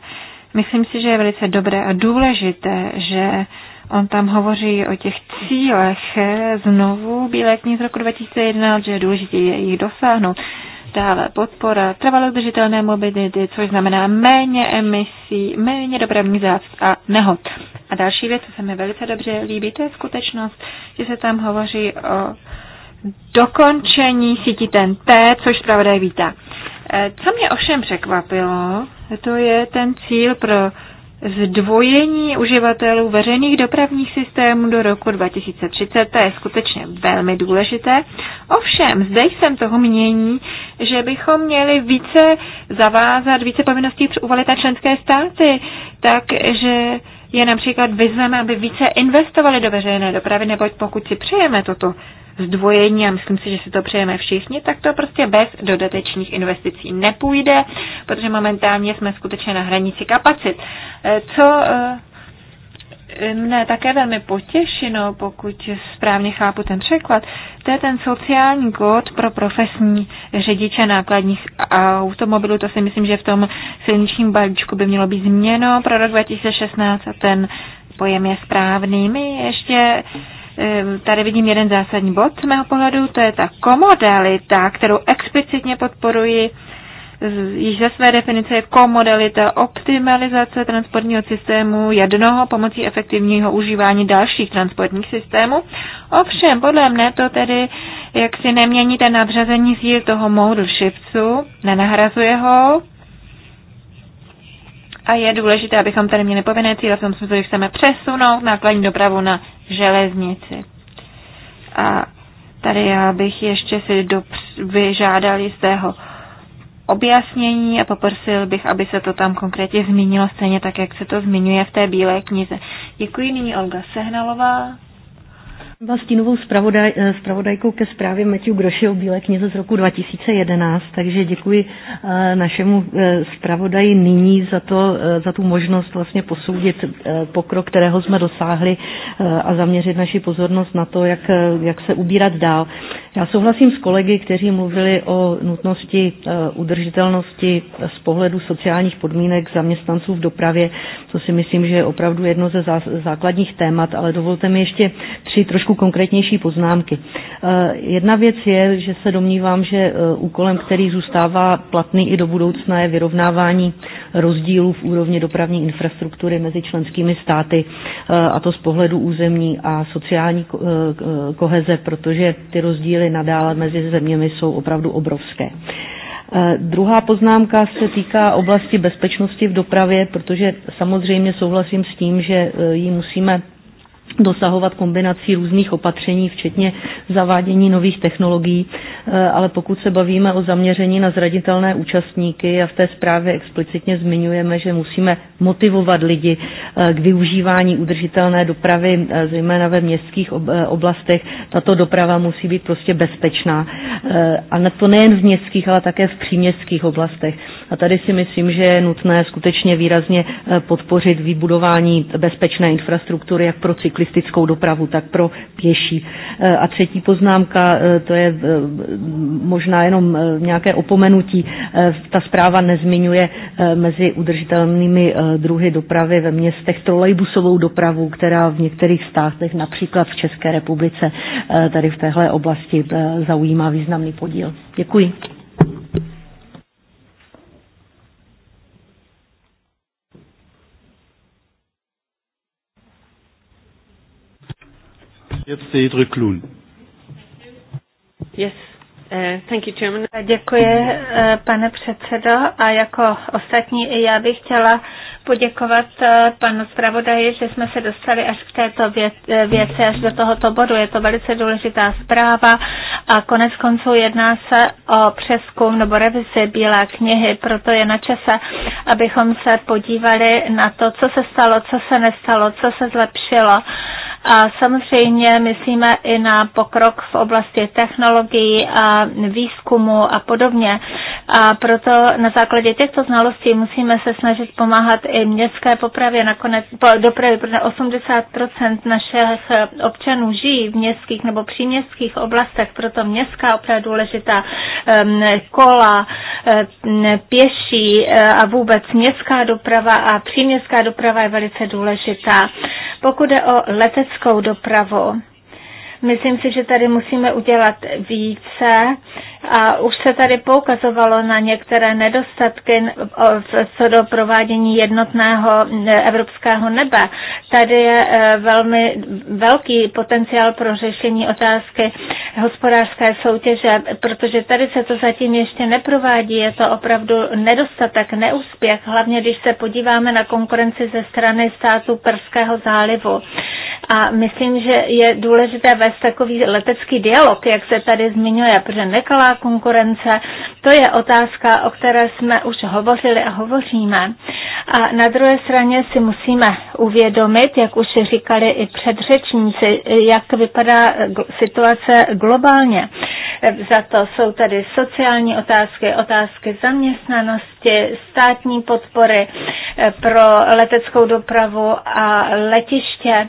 myslím si, že je velice dobré a důležité, že on tam hovoří o těch cílech znovu Bílé knihy z roku 2011, že je důležité jejich jich dosáhnout. Dále podpora trvalo udržitelné mobility, což znamená méně emisí, méně dopravní zást a nehod. A další věc, co se mi velice dobře líbí, to je skutečnost, že se tam hovoří o dokončení síti TNT, což zpravodaj vítá. E, co mě ovšem překvapilo, to je ten cíl pro zdvojení uživatelů veřejných dopravních systémů do roku 2030. To je skutečně velmi důležité. Ovšem, zde jsem toho mění, že bychom měli více zavázat, více povinností uvalit na členské státy, takže je například vyzveme, aby více investovali do veřejné dopravy, neboť pokud si přejeme toto zdvojení a myslím si, že si to přejeme všichni, tak to prostě bez dodatečných investicí nepůjde, protože momentálně jsme skutečně na hranici kapacit. Eh, co eh, mne také velmi potěšilo, pokud správně chápu ten překlad, to je ten sociální kód pro profesní řidiče nákladních automobilů. To si myslím, že v tom silničním balíčku by mělo být změno pro rok 2016 a ten pojem je správný. My ještě Tady vidím jeden zásadní bod z mého pohledu, to je ta komodalita, kterou explicitně podporuji již ze své definice je komodalita optimalizace transportního systému jednoho pomocí efektivního užívání dalších transportních systémů. Ovšem, podle mne to tedy jak si nemění ten nadřazení síl toho modu shiftu, nenahrazuje ho, a je důležité, abychom tady měli povinné cíle v tom smyslu, že chceme přesunout nákladní dopravu na železnici. A tady já bych ještě si dopř- vyžádal jistého objasnění a poprosil bych, aby se to tam konkrétně zmínilo stejně tak, jak se to zmiňuje v té bílé knize. Děkuji nyní Olga Sehnalová. Byla stínovou zpravodaj, eh, zpravodajkou ke zprávě Matthew Groši o Bílé knize z roku 2011, takže děkuji eh, našemu eh, zpravodaji nyní za, to, za tu možnost vlastně posoudit pokrok, kterého jsme dosáhli a zaměřit naši pozornost na to, jak, jak se ubírat dál. Já souhlasím s kolegy, kteří mluvili o nutnosti e, udržitelnosti z pohledu sociálních podmínek zaměstnanců v dopravě. To si myslím, že je opravdu jedno ze základních témat, ale dovolte mi ještě tři trošku konkrétnější poznámky. E, jedna věc je, že se domnívám, že e, úkolem, který zůstává platný i do budoucna, je vyrovnávání rozdílů v úrovni dopravní infrastruktury mezi členskými státy, a to z pohledu územní a sociální koheze, protože ty rozdíly rozdíly nadále mezi zeměmi jsou opravdu obrovské. Eh, druhá poznámka se týká oblasti bezpečnosti v dopravě, protože samozřejmě souhlasím s tím, že eh, ji musíme dosahovat kombinací různých opatření, včetně zavádění nových technologií, e, ale pokud se bavíme o zaměření na zraditelné účastníky a v té zprávě explicitně zmiňujeme, že musíme motivovat lidi e, k využívání udržitelné dopravy, e, zejména ve městských oblastech, tato doprava musí být prostě bezpečná. A to nejen v městských, ale také v příměstských oblastech. A tady si myslím, že je nutné skutečně výrazně podpořit vybudování bezpečné infrastruktury jak pro cyklisty, cyklistickou dopravu, tak pro pěší. E, a třetí poznámka, e, to je e, možná jenom nějaké opomenutí. Ta zpráva nezmiňuje mezi udržitelnými druhy dopravy ve městech trolejbusovou dopravu, která v některých státech, například v České republice, tady v téhle oblasti zaujímá významný podíl. Děkuji. Yes. Uh, thank you, Chairman. Děkuji, uh, pane předsedo. A jako ostatní i já bych chtěla poděkovat uh, panu zpravodaji, že jsme se dostali až k této věci, až do tohoto bodu. Je to velice důležitá zpráva a konec konců jedná se o přeskum nebo revizi Bílé knihy, proto je na čase, abychom se podívali na to, co se stalo, co se nestalo, co se zlepšilo a samozřejmě myslíme i na pokrok v oblasti technologií a výzkumu a podobně. A proto na základě těchto znalostí musíme se snažit pomáhat i městské popravě. Nakonec, po dopravě, protože 80% našich občanů žijí v městských nebo příměstských oblastech, proto městská opravdu důležitá kola, pěší e, a vůbec městská doprava a příměstská doprava je velice důležitá. Pokud je o letecké leteckou dopravu. Myslím si, že tady musíme udělat více a už se tady poukazovalo na některé nedostatky co do provádění jednotného evropského nebe. Tady je eh, velmi velký potenciál pro řešení otázky hospodářské soutěže, protože tady se to zatím ještě neprovádí. Je to opravdu nedostatek, neúspěch, hlavně když se podíváme na konkurenci ze strany států Perského zálivu. A myslím, že je důležité vést takový letecký dialog, jak se tady zmiňuje, protože nekalá konkurence, to je otázka, o které jsme už hovořili a hovoříme. A na druhé straně si musíme uvědomit, jak už říkali i předřečníci, jak vypadá situace globálně. Za to jsou tady sociální otázky, otázky zaměstnanosti, státní podpory eh, pro leteckou dopravu a letiště.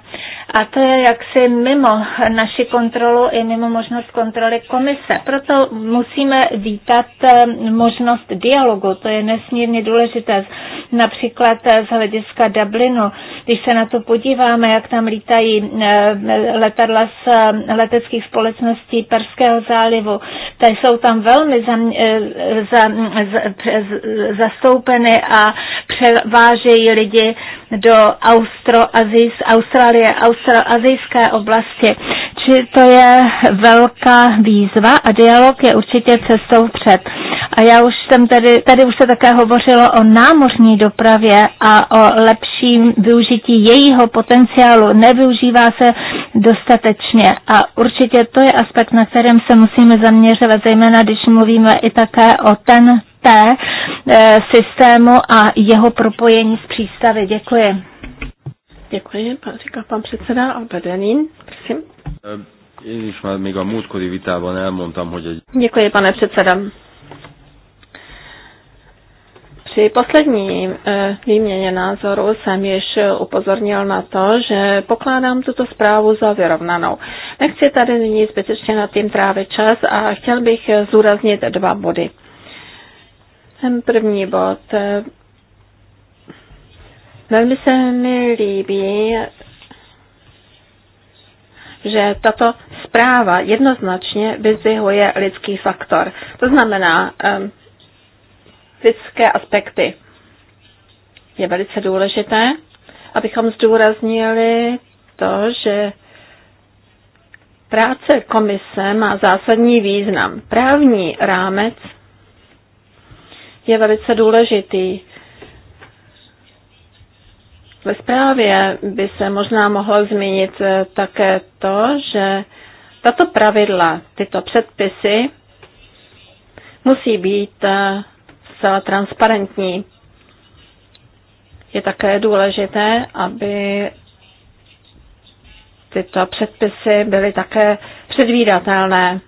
A to je jaksi mimo naši kontrolu i mimo možnost kontroly komise. Proto musíme vítat eh, možnost dialogu, to je nesmírně důležité. Například například z hlediska Dublinu, když se na to podíváme, jak tam lítají eh, letadla z eh, leteckých společností Perského zálivu, tak jsou tam velmi eh, za, za, za, zastoupeny a převážejí lidi do Austroazijs, Austrálie, austroazijské oblasti. Či to je velká výzva a dialog je určitě cestou vpřed. A já už jsem tady, tady už se také hovořilo o námořní dopravě, dopravě a o lepším využití jejího potenciálu. Nevyužívá se dostatečně a určitě to je aspekt, na kterém se musíme zaměřovat, zejména když mluvíme i také o ten té eh, systému a jeho propojení s přístavy. Děkuji. Děkuji, pan, říká pan předseda Albedenín, prosím. a múltkori vitában Děkuji, pane předseda. Při poslední eh, výměně názoru jsem již upozornil na to, že pokládám tuto zprávu za vyrovnanou. Nechci tady nyní zbytečně nad tím trávit čas a chtěl bych zúraznit dva body. Ten první bod. Eh, velmi se mi líbí, že tato zpráva jednoznačně vyzvihuje lidský faktor. To znamená, eh, praktické aspekty. Je velice důležité, abychom zdůraznili to, že práce komise má zásadní význam. Právní rámec je velice důležitý. Ve zprávě by se možná mohlo zmínit eh, také to, že tato pravidla, tyto předpisy musí být eh, zcela transparentní. Je také důležité, aby tyto předpisy byly také předvídatelné.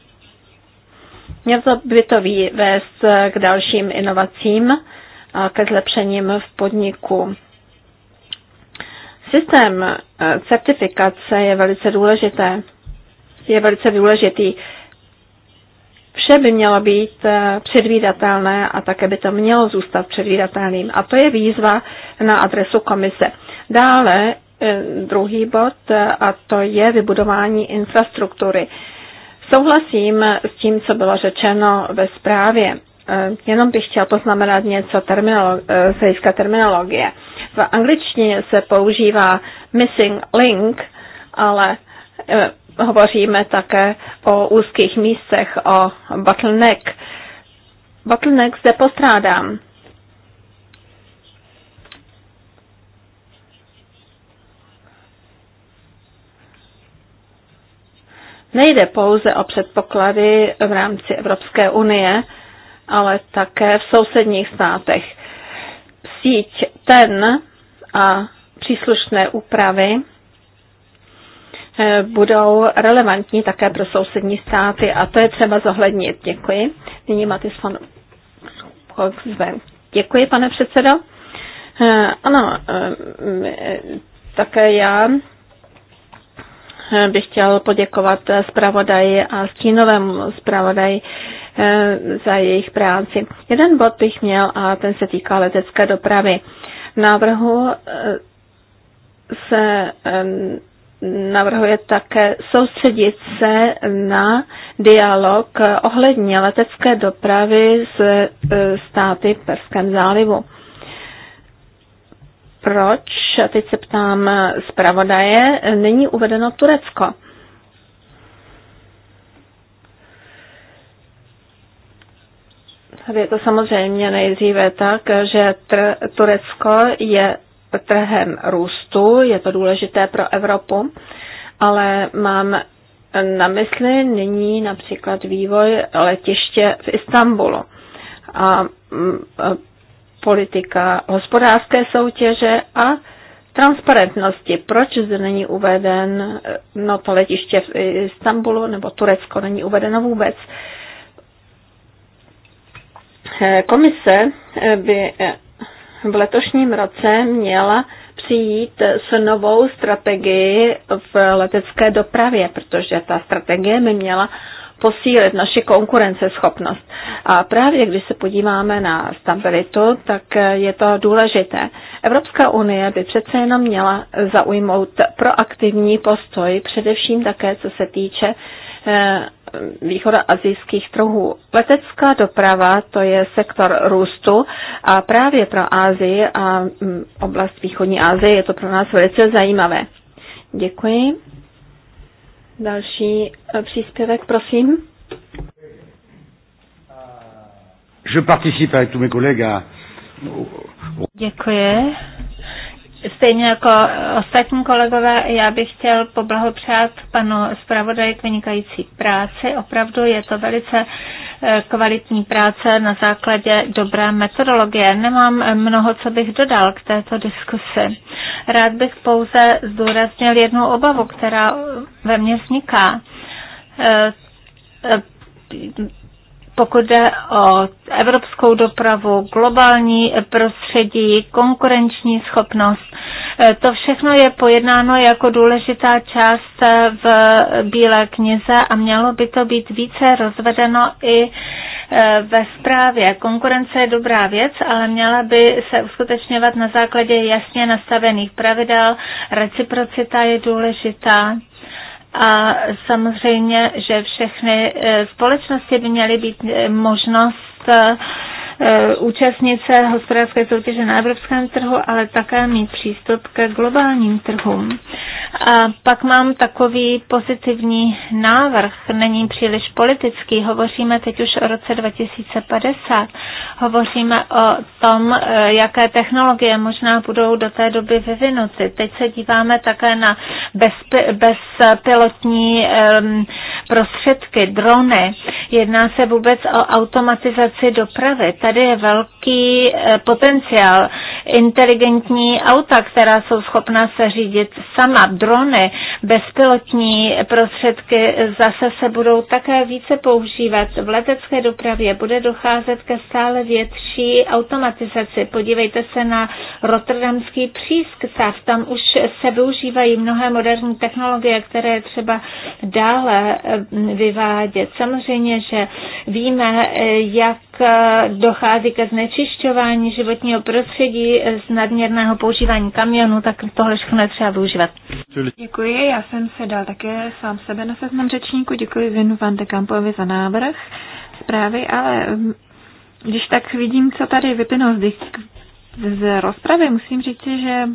to by to vést k dalším inovacím a ke zlepšením v podniku. Systém eh, certifikace je velice důležité. Je velice důležitý. Vše by mělo být eh, předvídatelné a také by to mělo zůstat předvídatelným. A to je výzva na adresu komise. Dále eh, druhý bod eh, a to je vybudování infrastruktury. Souhlasím s tím, co bylo řečeno ve zprávě. Jenom bych chtěl poznamenat něco z hlediska terminologie. V angličtině se používá missing link, ale hovoříme také o úzkých místech, o bottleneck. Bottleneck zde postrádám. Nejde pouze o předpoklady v rámci Evropské unie, ale také v sousedních státech. Síť ten a příslušné úpravy Eh, budou relevantní také pro sousední státy a to je třeba zohlednit. Děkuji. Nyní Matis van Děkuji, pane předsedo. Eh, ano, eh, také já bych chtěl poděkovat zpravodaji a stínovému zpravodaji za jejich práci. Jeden bod bych měl a ten se týká letecké dopravy. V návrhu se navrhuje také soustředit se na dialog ohledně letecké dopravy s e, státy v Perském zálivu. Proč, a teď se ptám zpravodaje, není uvedeno Turecko? Je to samozřejmě nejdříve tak, že Turecko je trhem růstu, je to důležité pro Evropu, ale mám na mysli nyní například vývoj letiště v Istanbulu mm, a politika hospodářské soutěže a transparentnosti. Proč zde není uveden no, to letiště v Istanbulu nebo Turecko není uvedeno vůbec? Eh, komise by eh, v letošním roce měla přijít s novou strategií v letecké dopravě, protože ta strategie by měla posílit naši konkurenceschopnost. A právě když se podíváme na stabilitu, tak je to důležité. Evropská unie by přece jenom měla zaujmout proaktivní postoj, především také co se týče eh, východoazijských trhů. Letecká doprava to je sektor růstu a právě pro Ázii a mm, oblast východní Ázie je to pro nás velice zajímavé. Děkuji. Další eh, příspěvek, prosím. Je participe avec tous mes collègues à... Děkuji. Stejně jako ostatní kolegové, já bych chtěl poblahopřát panu zpravodaji k vynikající práci. Opravdu je to velice eh, kvalitní práce na základě dobré metodologie. Nemám mnoho, co bych dodal k této diskusi. Rád bych pouze zdůraznil jednu obavu, která ve mně vzniká eh, eh, pokud jde o evropskou dopravu, globální prostředí, konkurenční schopnost. Eh, to všechno je pojednáno jako důležitá část eh, v Bílé knize a mělo by to být více rozvedeno i eh, ve zprávě. Konkurence je dobrá věc, ale měla by se uskutečňovat na základě jasně nastavených pravidel. Reciprocita je důležitá a samozřejmě, že všechny eh, společnosti by měly být eh, možnost eh, E, účastnit se hospodářské soutěže na evropském trhu, ale také mít přístup ke globálním trhům. A pak mám takový pozitivní návrh, není příliš politický, hovoříme teď už o roce 2050, hovoříme o tom, e, jaké technologie možná budou do té doby vyvinuty. Teď se díváme také na bezpilotní prostředky, drony. Jedná se vůbec o automatizaci dopravy tady je velký eh, potenciál. Inteligentní auta, která jsou schopna se řídit sama, drony, bezpilotní prostředky zase se budou také více používat. V letecké dopravě bude docházet ke stále větší automatizaci. Podívejte se na rotterdamský přístav. Tam už se využívají mnohé moderní technologie, které je třeba dále eh, vyvádět. Samozřejmě, že víme, eh, jak tak eh, dochází ke znečišťování životního prostředí z nadměrného používání kamionů, tak tohle všechno je třeba využívat. Děkuji, já jsem se dal také sám sebe na seznam řečníku. Děkuji Vinu van de Kampovi za návrh zprávy, ale mm, když tak vidím, co tady vyplynulo z, z rozpravy, musím říct, že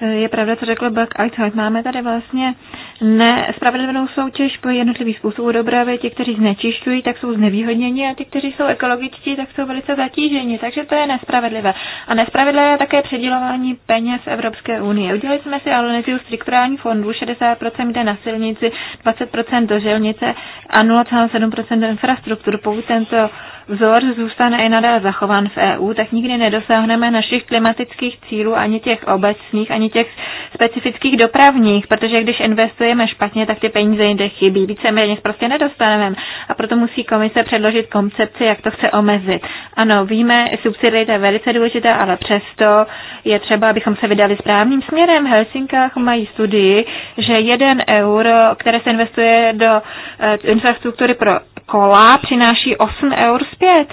eh, je pravda, co řekl Black Outside. Máme tady vlastně nespravedlivou soutěž po jednotlivých způsobů dopravy. Ti, kteří znečišťují, tak jsou znevýhodněni a ti, kteří jsou ekologičtí, tak jsou velice zatíženi. Takže to je nespravedlivé. A nespravedlivé je také předělování peněz Evropské unie. Udělali jsme si analýzu strukturální fondů, 60% jde na silnici, 20% do želnice a 0,7% do infrastruktur. Pokud tento vzor zůstane i nadále zachován v EU, tak nikdy nedosáhneme našich klimatických cílů, ani těch obecných, ani těch specifických dopravních, protože když investuje investujeme špatně, tak ty peníze jinde chybí. Víceméně prostě nedostaneme. A proto musí komise předložit koncepci, jak to chce omezit. Ano, víme, subsidiarita je velice důležitá, ale přesto je třeba, abychom se vydali správným směrem. V Helsinkách mají studii, že jeden euro, které se investuje do eh, infrastruktury pro kola, přináší 8 eur zpět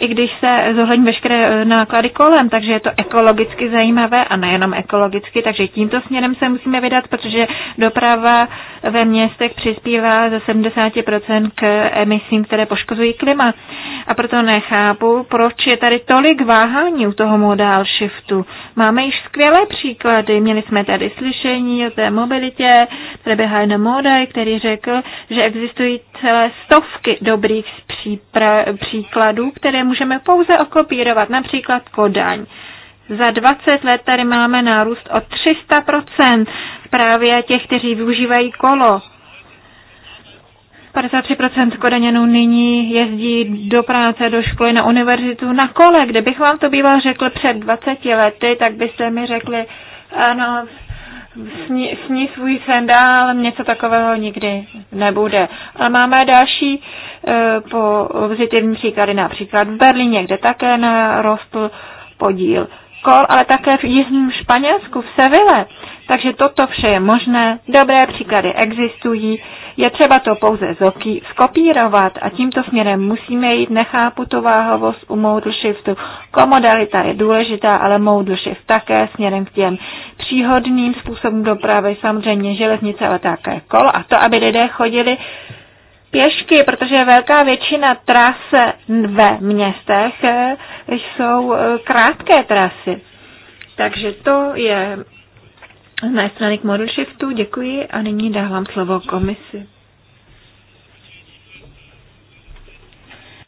i když se zohlední veškeré e, náklady kolem, takže je to ekologicky zajímavé a nejenom ekologicky, takže tímto směrem se musíme vydat, protože doprava ve městech přispívá ze 70% k emisím, které poškozují klima. A proto nechápu, proč je tady tolik váhání u toho modál shiftu. Máme již skvělé příklady. Měli jsme tady slyšení o té mobilitě, tady Behind Modaj, který řekl, že existují celé stovky dobrých příkladů, které můžeme pouze okopírovat, například Kodaň. Za 20 let tady máme nárůst o 300% právě těch, kteří využívají kolo. 53% Kodaňanů nyní jezdí do práce, do školy, na univerzitu, na kole. Kdybych vám to býval řekl před 20 lety, tak byste mi řekli, ano, sní, sní svůj dál, něco takového nikdy nebude. A máme další e, pozitivní příklady, například v Berlíně, kde také narostl podíl kol, ale také v jižním Španělsku, v Seville. Takže toto vše je možné, dobré příklady existují, je třeba to pouze zoky, skopírovat a tímto směrem musíme jít. Nechápu to váhovost u modal shiftu. Komodalita je důležitá, ale modal shift také směrem k těm příhodným způsobům dopravy, samozřejmě železnice, ale také kolo. A to, aby lidé chodili pěšky, protože velká většina tras ve městech jsou eh, krátké trasy. Takže to je mé strany k model shiftu. Děkuji a nyní dávám slovo komisi.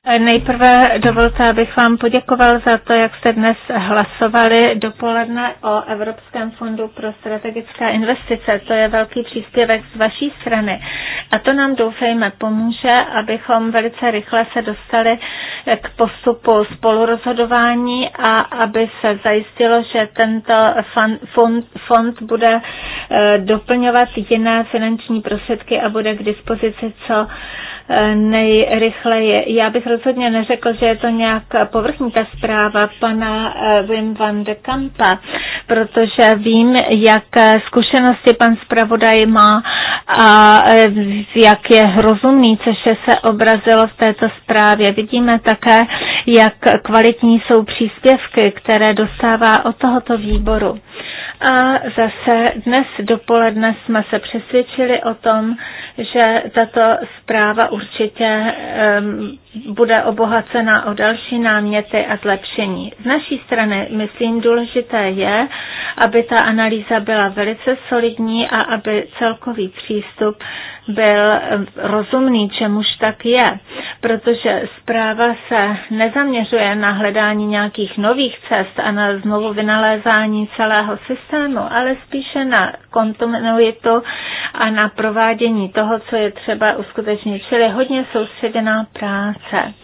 Eh, nejprve dovolte, abych vám poděkoval za to, jak jste dnes hlasovali dopoledne o Evropském fondu pro strategické investice. To je velký příspěvek z vaší strany. A to nám doufejme pomůže, abychom velice rychle se dostali eh, k postupu spolurozhodování a aby se zajistilo, že tento fond, fond bude eh, doplňovat jiné finanční prostředky a bude k dispozici co nejrychleji. Já bych rozhodně neřekl, že je to nějak povrchní ta zpráva pana eh, Wim van de Kampa, protože vím, jak zkušenosti pan zpravodaj má a eh, jak je rozumný, což se obrazilo v této zprávě. Vidíme také, jak kvalitní jsou příspěvky, které dostává od tohoto výboru. A zase dnes dopoledne jsme se přesvědčili o tom, že tato zpráva určitě bude obohacena o další náměty a zlepšení. Z naší strany, myslím, důležité je, aby ta analýza byla velice solidní a aby celkový přístup byl rozumný, čemuž tak je, protože zpráva se nezaměřuje na hledání nějakých nových cest a na znovu vynalézání celého systému, ale spíše na kontinuitu a na provádění toho, co je třeba uskutečnit, čili hodně soustředěná práce rámce.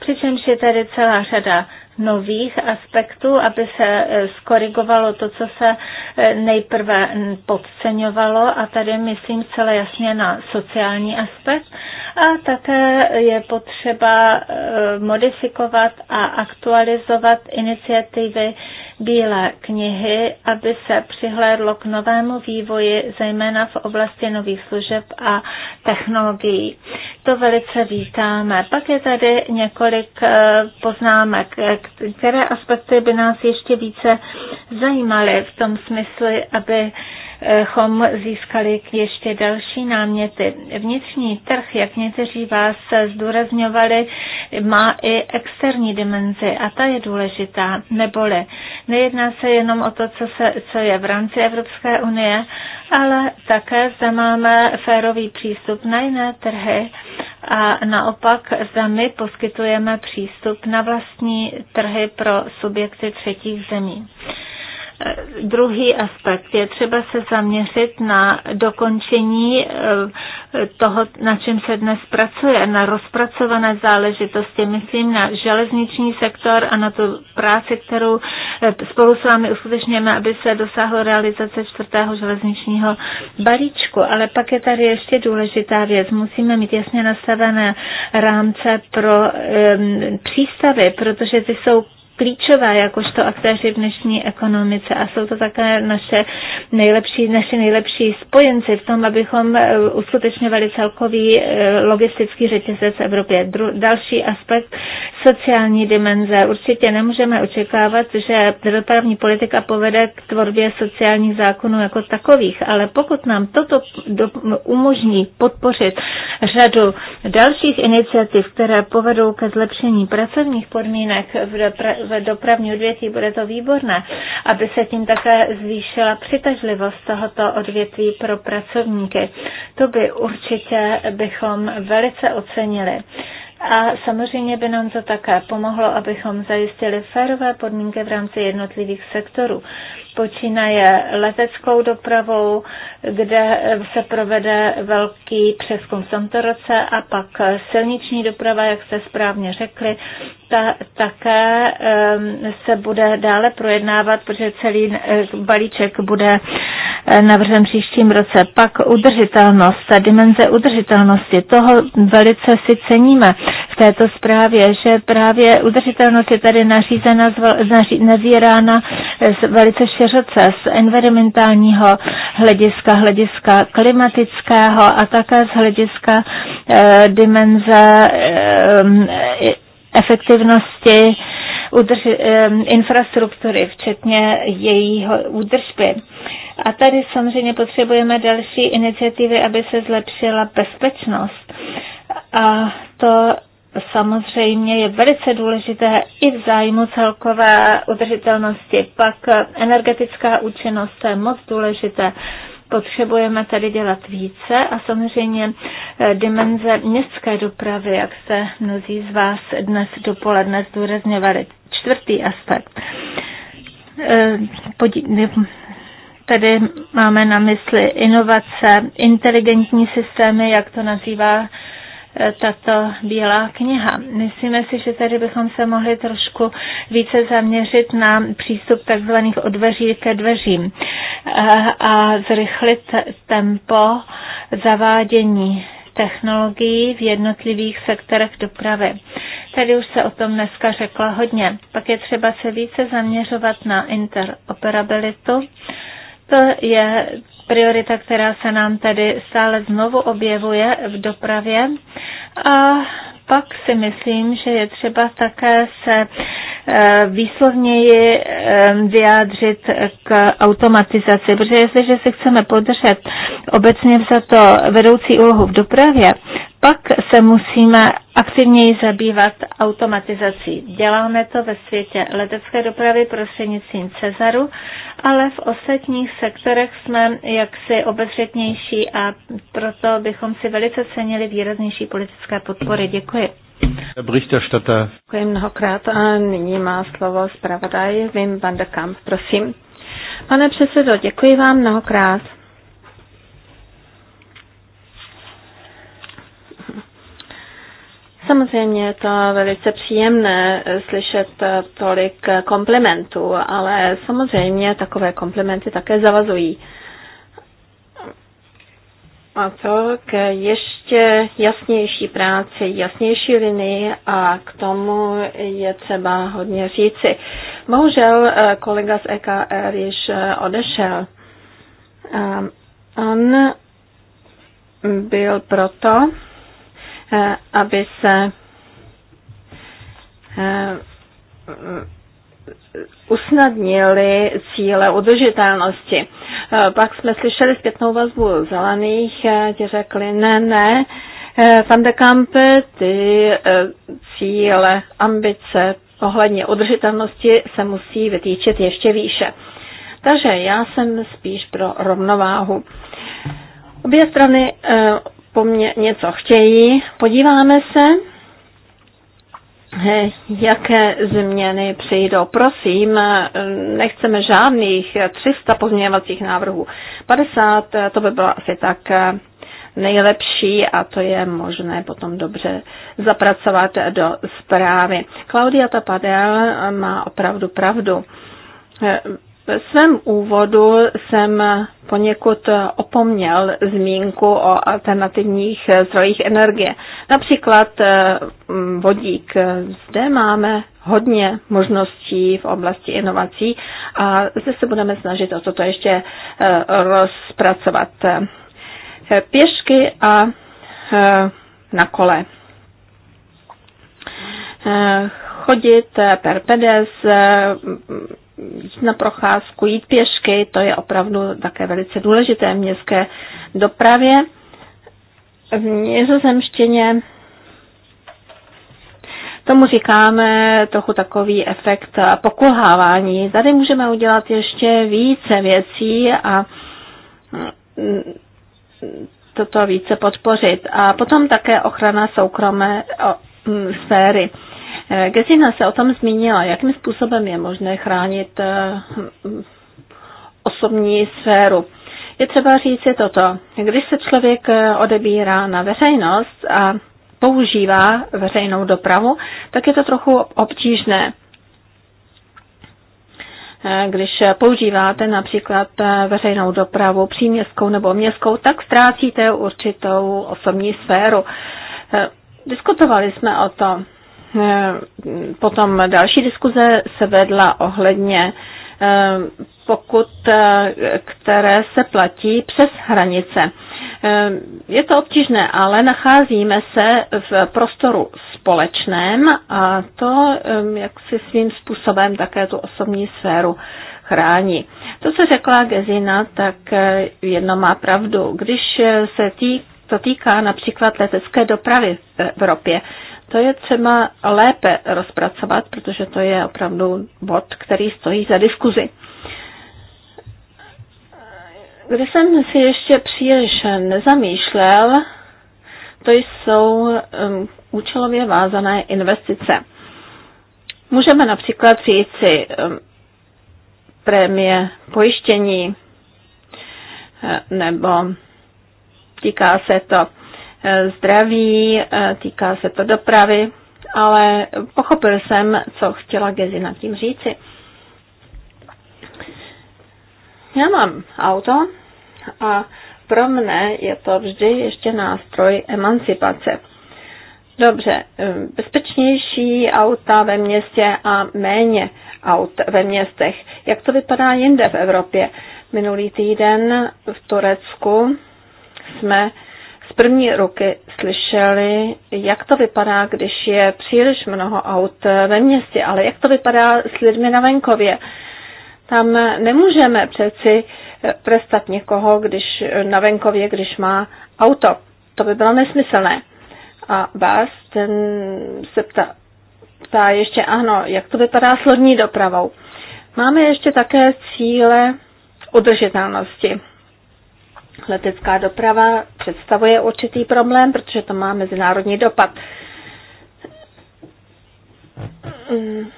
Přičemž je tady celá řada nových aspektů, aby se eh, skorigovalo to, co se eh, nejprve podceňovalo a tady myslím celé jasně na sociální aspekt a také je potřeba eh, modifikovat a aktualizovat iniciativy Bílé knihy, aby se přihlédlo k novému vývoji, zejména v oblasti nových služeb a technologií. To velice vítáme. Pak je tady několik eh, poznámek, které aspekty by nás ještě více zajímaly v tom smyslu, aby chom získali ještě další náměty. Vnitřní trh, jak někteří vás zdůrazňovali, má i externí dimenzi a ta je důležitá, neboli nejedná se jenom o to, co, se, co je v rámci Evropské unie, ale také zde máme férový přístup na jiné trhy a naopak zde my poskytujeme přístup na vlastní trhy pro subjekty třetích zemí. Druhý aspekt je třeba se zaměřit na dokončení eh, toho, na čem se dnes pracuje, na rozpracované záležitosti. Myslím na železniční sektor a na tu práci, kterou eh, spolu s vámi uskutečněme, aby se dosáhlo realizace čtvrtého železničního balíčku. Ale pak je tady ještě důležitá věc. Musíme mít jasně nastavené rámce pro um, přístavy, protože ty jsou klíčové jakožto aktéři v dnešní ekonomice a jsou to také naše nejlepší, naše nejlepší spojenci v tom, abychom eh, uskutečňovali celkový eh, logistický řetězec v Evropě. Dru- další aspekt sociální dimenze. Určitě nemůžeme očekávat, že dopravní politika povede k tvorbě sociálních zákonů jako takových, ale pokud nám toto umožní podpořit řadu dalších iniciativ, které povedou ke zlepšení pracovních podmínek v, dopra- v dopravní odvětví, bude to výborné, aby se tím také zvýšila přitažlivost tohoto odvětví pro pracovníky. To by určitě bychom velice ocenili. A samozřejmě by nám to také pomohlo, abychom zajistili férové podmínky v rámci jednotlivých sektorů počínaje leteckou dopravou, kde se provede velký přeskum v tomto roce a pak silniční doprava, jak jste správně řekli, ta, také um, se bude dále projednávat, protože celý eh, balíček bude eh, navržen příštím roce. Pak udržitelnost, ta dimenze udržitelnosti, toho velice si ceníme v této zprávě, že právě udržitelnost je tady nařízena, nazírána eh, velice široce z environmentálního hlediska, hlediska klimatického a také z hlediska eh, dimenze eh, efektivnosti udrž- eh, infrastruktury, včetně jejího údržby. A tady samozřejmě potřebujeme další iniciativy, aby se zlepšila bezpečnost. A to samozřejmě je velice důležité i v zájmu celkové udržitelnosti. Pak energetická účinnost je moc důležité. Potřebujeme tady dělat více a samozřejmě eh, dimenze městské dopravy, jak se mnozí z vás dnes dopoledne zdůrazňovali. Čtvrtý aspekt. Eh, tady máme na mysli inovace, inteligentní systémy, jak to nazývá Eh, tato bílá kniha. Myslíme si, že tady bychom se mohli trošku více zaměřit na přístup takzvaných od dveří ke dveřím eh, a zrychlit tempo zavádění technologií v jednotlivých sektorech dopravy. Tady už se o tom dneska řekla hodně. Pak je třeba se více zaměřovat na interoperabilitu. To je priorita, která se nám tady stále znovu objevuje v dopravě. A pak si myslím, že je třeba také se eh, výslovněji eh, vyjádřit k automatizaci, protože jestliže si chceme podržet obecně za to vedoucí úlohu v dopravě, pak se musíme aktivněji zabývat automatizací. Děláme to ve světě letecké dopravy prostřednictvím Cezaru ale v ostatních sektorech jsme jaksi obezřetnější a proto bychom si velice cenili výraznější politické podpory. Děkuji. Děkuji mnohokrát a nyní má slovo zpravodaj Wim van der Kamp, prosím. Pane předsedo, děkuji vám mnohokrát. Samozřejmě je to velice příjemné eh, slyšet eh, tolik eh, komplimentů, ale samozřejmě takové komplimenty také zavazují. A to k ještě jasnější práci, jasnější linii a k tomu je třeba hodně říci. Bohužel kolega z EKR již odešel. On byl proto, Eh, aby se eh, usnadnili cíle udržitelnosti. Eh, pak jsme slyšeli zpětnou vazbu zelených, ti řekli ne, ne, Van de Kampe, ty cíle, ambice ohledně udržitelnosti se musí vytýčit ještě výše. Takže já jsem spíš pro rovnováhu. Obě strany po mně něco chtějí. Podíváme se, jaké změny přijdou. Prosím, nechceme žádných 300 pozměňovacích návrhů. 50 to by bylo asi tak eh, nejlepší a to je možné potom dobře zapracovat do zprávy. Claudia Tapadel má opravdu pravdu eh, ve svém úvodu jsem poněkud opomněl zmínku o alternativních zdrojích energie. Například eh, vodík. Zde máme hodně možností v oblasti inovací a zde se budeme snažit o toto ještě eh, rozpracovat. Eh, pěšky a na kole. Chodit per pedes, jít na procházku, jít pěšky, to je opravdu také velice důležité v městské dopravě. V nizozemštině tomu říkáme trochu takový efekt pokulhávání. Tady můžeme udělat ještě více věcí a toto více podpořit. A potom také ochrana soukromé sféry. Eh, Gesina se o tom zmínila, jakým způsobem je možné chránit eh, osobní sféru. Je třeba říct si toto. Když se člověk eh, odebírá na veřejnost a používá veřejnou dopravu, tak je to trochu obtížné. Když používáte například veřejnou dopravu příměstskou nebo městskou, tak ztrácíte určitou osobní sféru. Diskutovali jsme o tom. Eh, potom další diskuze se vedla ohledně eh, pokud, eh, které se platí přes hranice. Je to obtížné, ale nacházíme se v prostoru společném a to, jak si svým způsobem také tu osobní sféru chrání. To, co řekla Gezina, tak jedno má pravdu. Když se tý, to týká například letecké dopravy v Evropě. To je třeba lépe rozpracovat, protože to je opravdu bod, který stojí za diskuzi. Když jsem si ještě příliš nezamýšlel, to jsou um, účelově vázané investice. Můžeme například říci um, prémie pojištění eh, nebo týká se to zdraví, eh, týká se to dopravy, ale pochopil jsem, co chtěla nad tím říci. Já mám auto a pro mne je to vždy ještě nástroj emancipace. Dobře, eh, bezpečnější auta ve městě a méně aut ve městech. Jak to vypadá jinde v Evropě? Minulý týden v Turecku jsme z první ruky slyšeli, jak to vypadá, když je příliš mnoho aut ve městě, ale jak to vypadá s lidmi na venkově. Tam nemůžeme přeci prestat někoho, když na venkově, když má auto. To by bylo nesmyslné. A vás ten se ptá, ptá ještě, ano, jak to vypadá s lodní dopravou. Máme ještě také cíle udržitelnosti. Letecká doprava představuje určitý problém, protože to má mezinárodní dopad. Mm.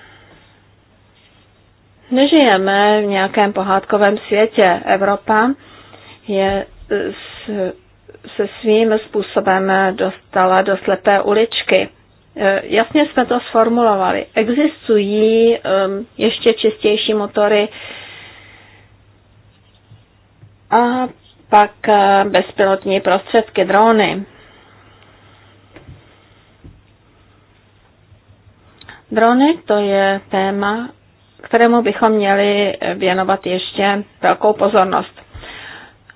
Nežijeme v nějakém pohádkovém světě. Evropa je s, se svým způsobem dostala do slepé uličky. E, jasně jsme to sformulovali. Existují um, ještě čistější motory a pak eh, bezpilotní prostředky, drony. Drony to je téma, kterému bychom měli věnovat ještě velkou pozornost.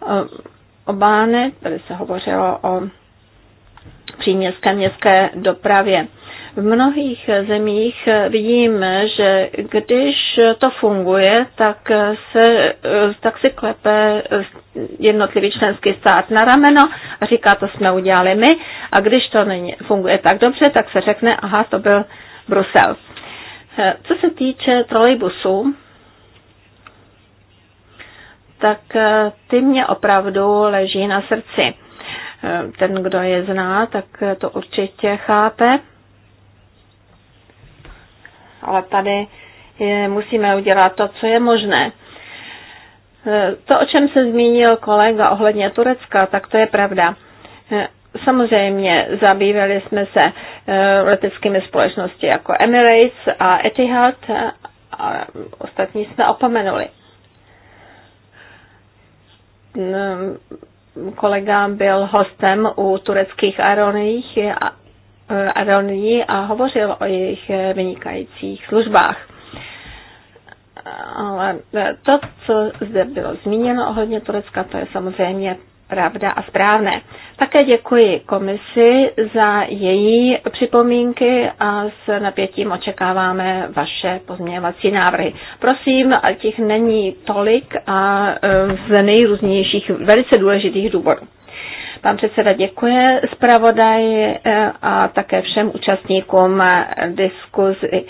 Eh, o bány, tady se hovořilo o příměstské městské dopravě. V mnohých zemích vidíme, že když to funguje, tak se, tak si klepe jednotlivý členský stát na rameno a říká, to jsme udělali my. A když to není, funguje tak dobře, tak se řekne, aha, to byl Brusel. Co se týče trolejbusů, tak ty mě opravdu leží na srdci. Ten, kdo je zná, tak to určitě chápe ale tady je, musíme udělat to, co je možné. E, to, o čem se zmínil kolega ohledně Turecka, tak to je pravda. E, samozřejmě zabývali jsme se e, leteckými společnosti jako Emirates a Etihad a ostatní jsme opomenuli. Kolega byl hostem u tureckých aeroliniích Eh, Aronii a hovořil o jejich eh, vynikajících službách. Ale eh, to, co zde bylo zmíněno ohledně Turecka, to je samozřejmě pravda a správné. Také děkuji komisi za její připomínky a s napětím očekáváme vaše pozměňovací návrhy. Prosím, těch není tolik a z nejrůznějších velice důležitých důvodů. Pan předseda děkuje zpravodaji eh, a také všem účastníkům eh, diskuzi.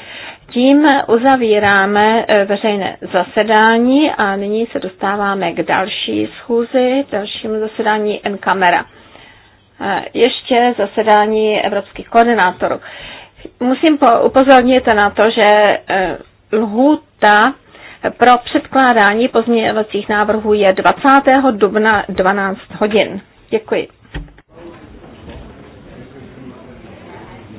Tím uzavíráme eh, veřejné zasedání a nyní se dostáváme k další schůzi, dalšímu zasedání N kamera. Ještě zasedání evropských koordinátorů. Musím upozornit na to, že lhůta pro předkládání pozměňovacích návrhů je 20. dubna 12 hodin. Děkuji.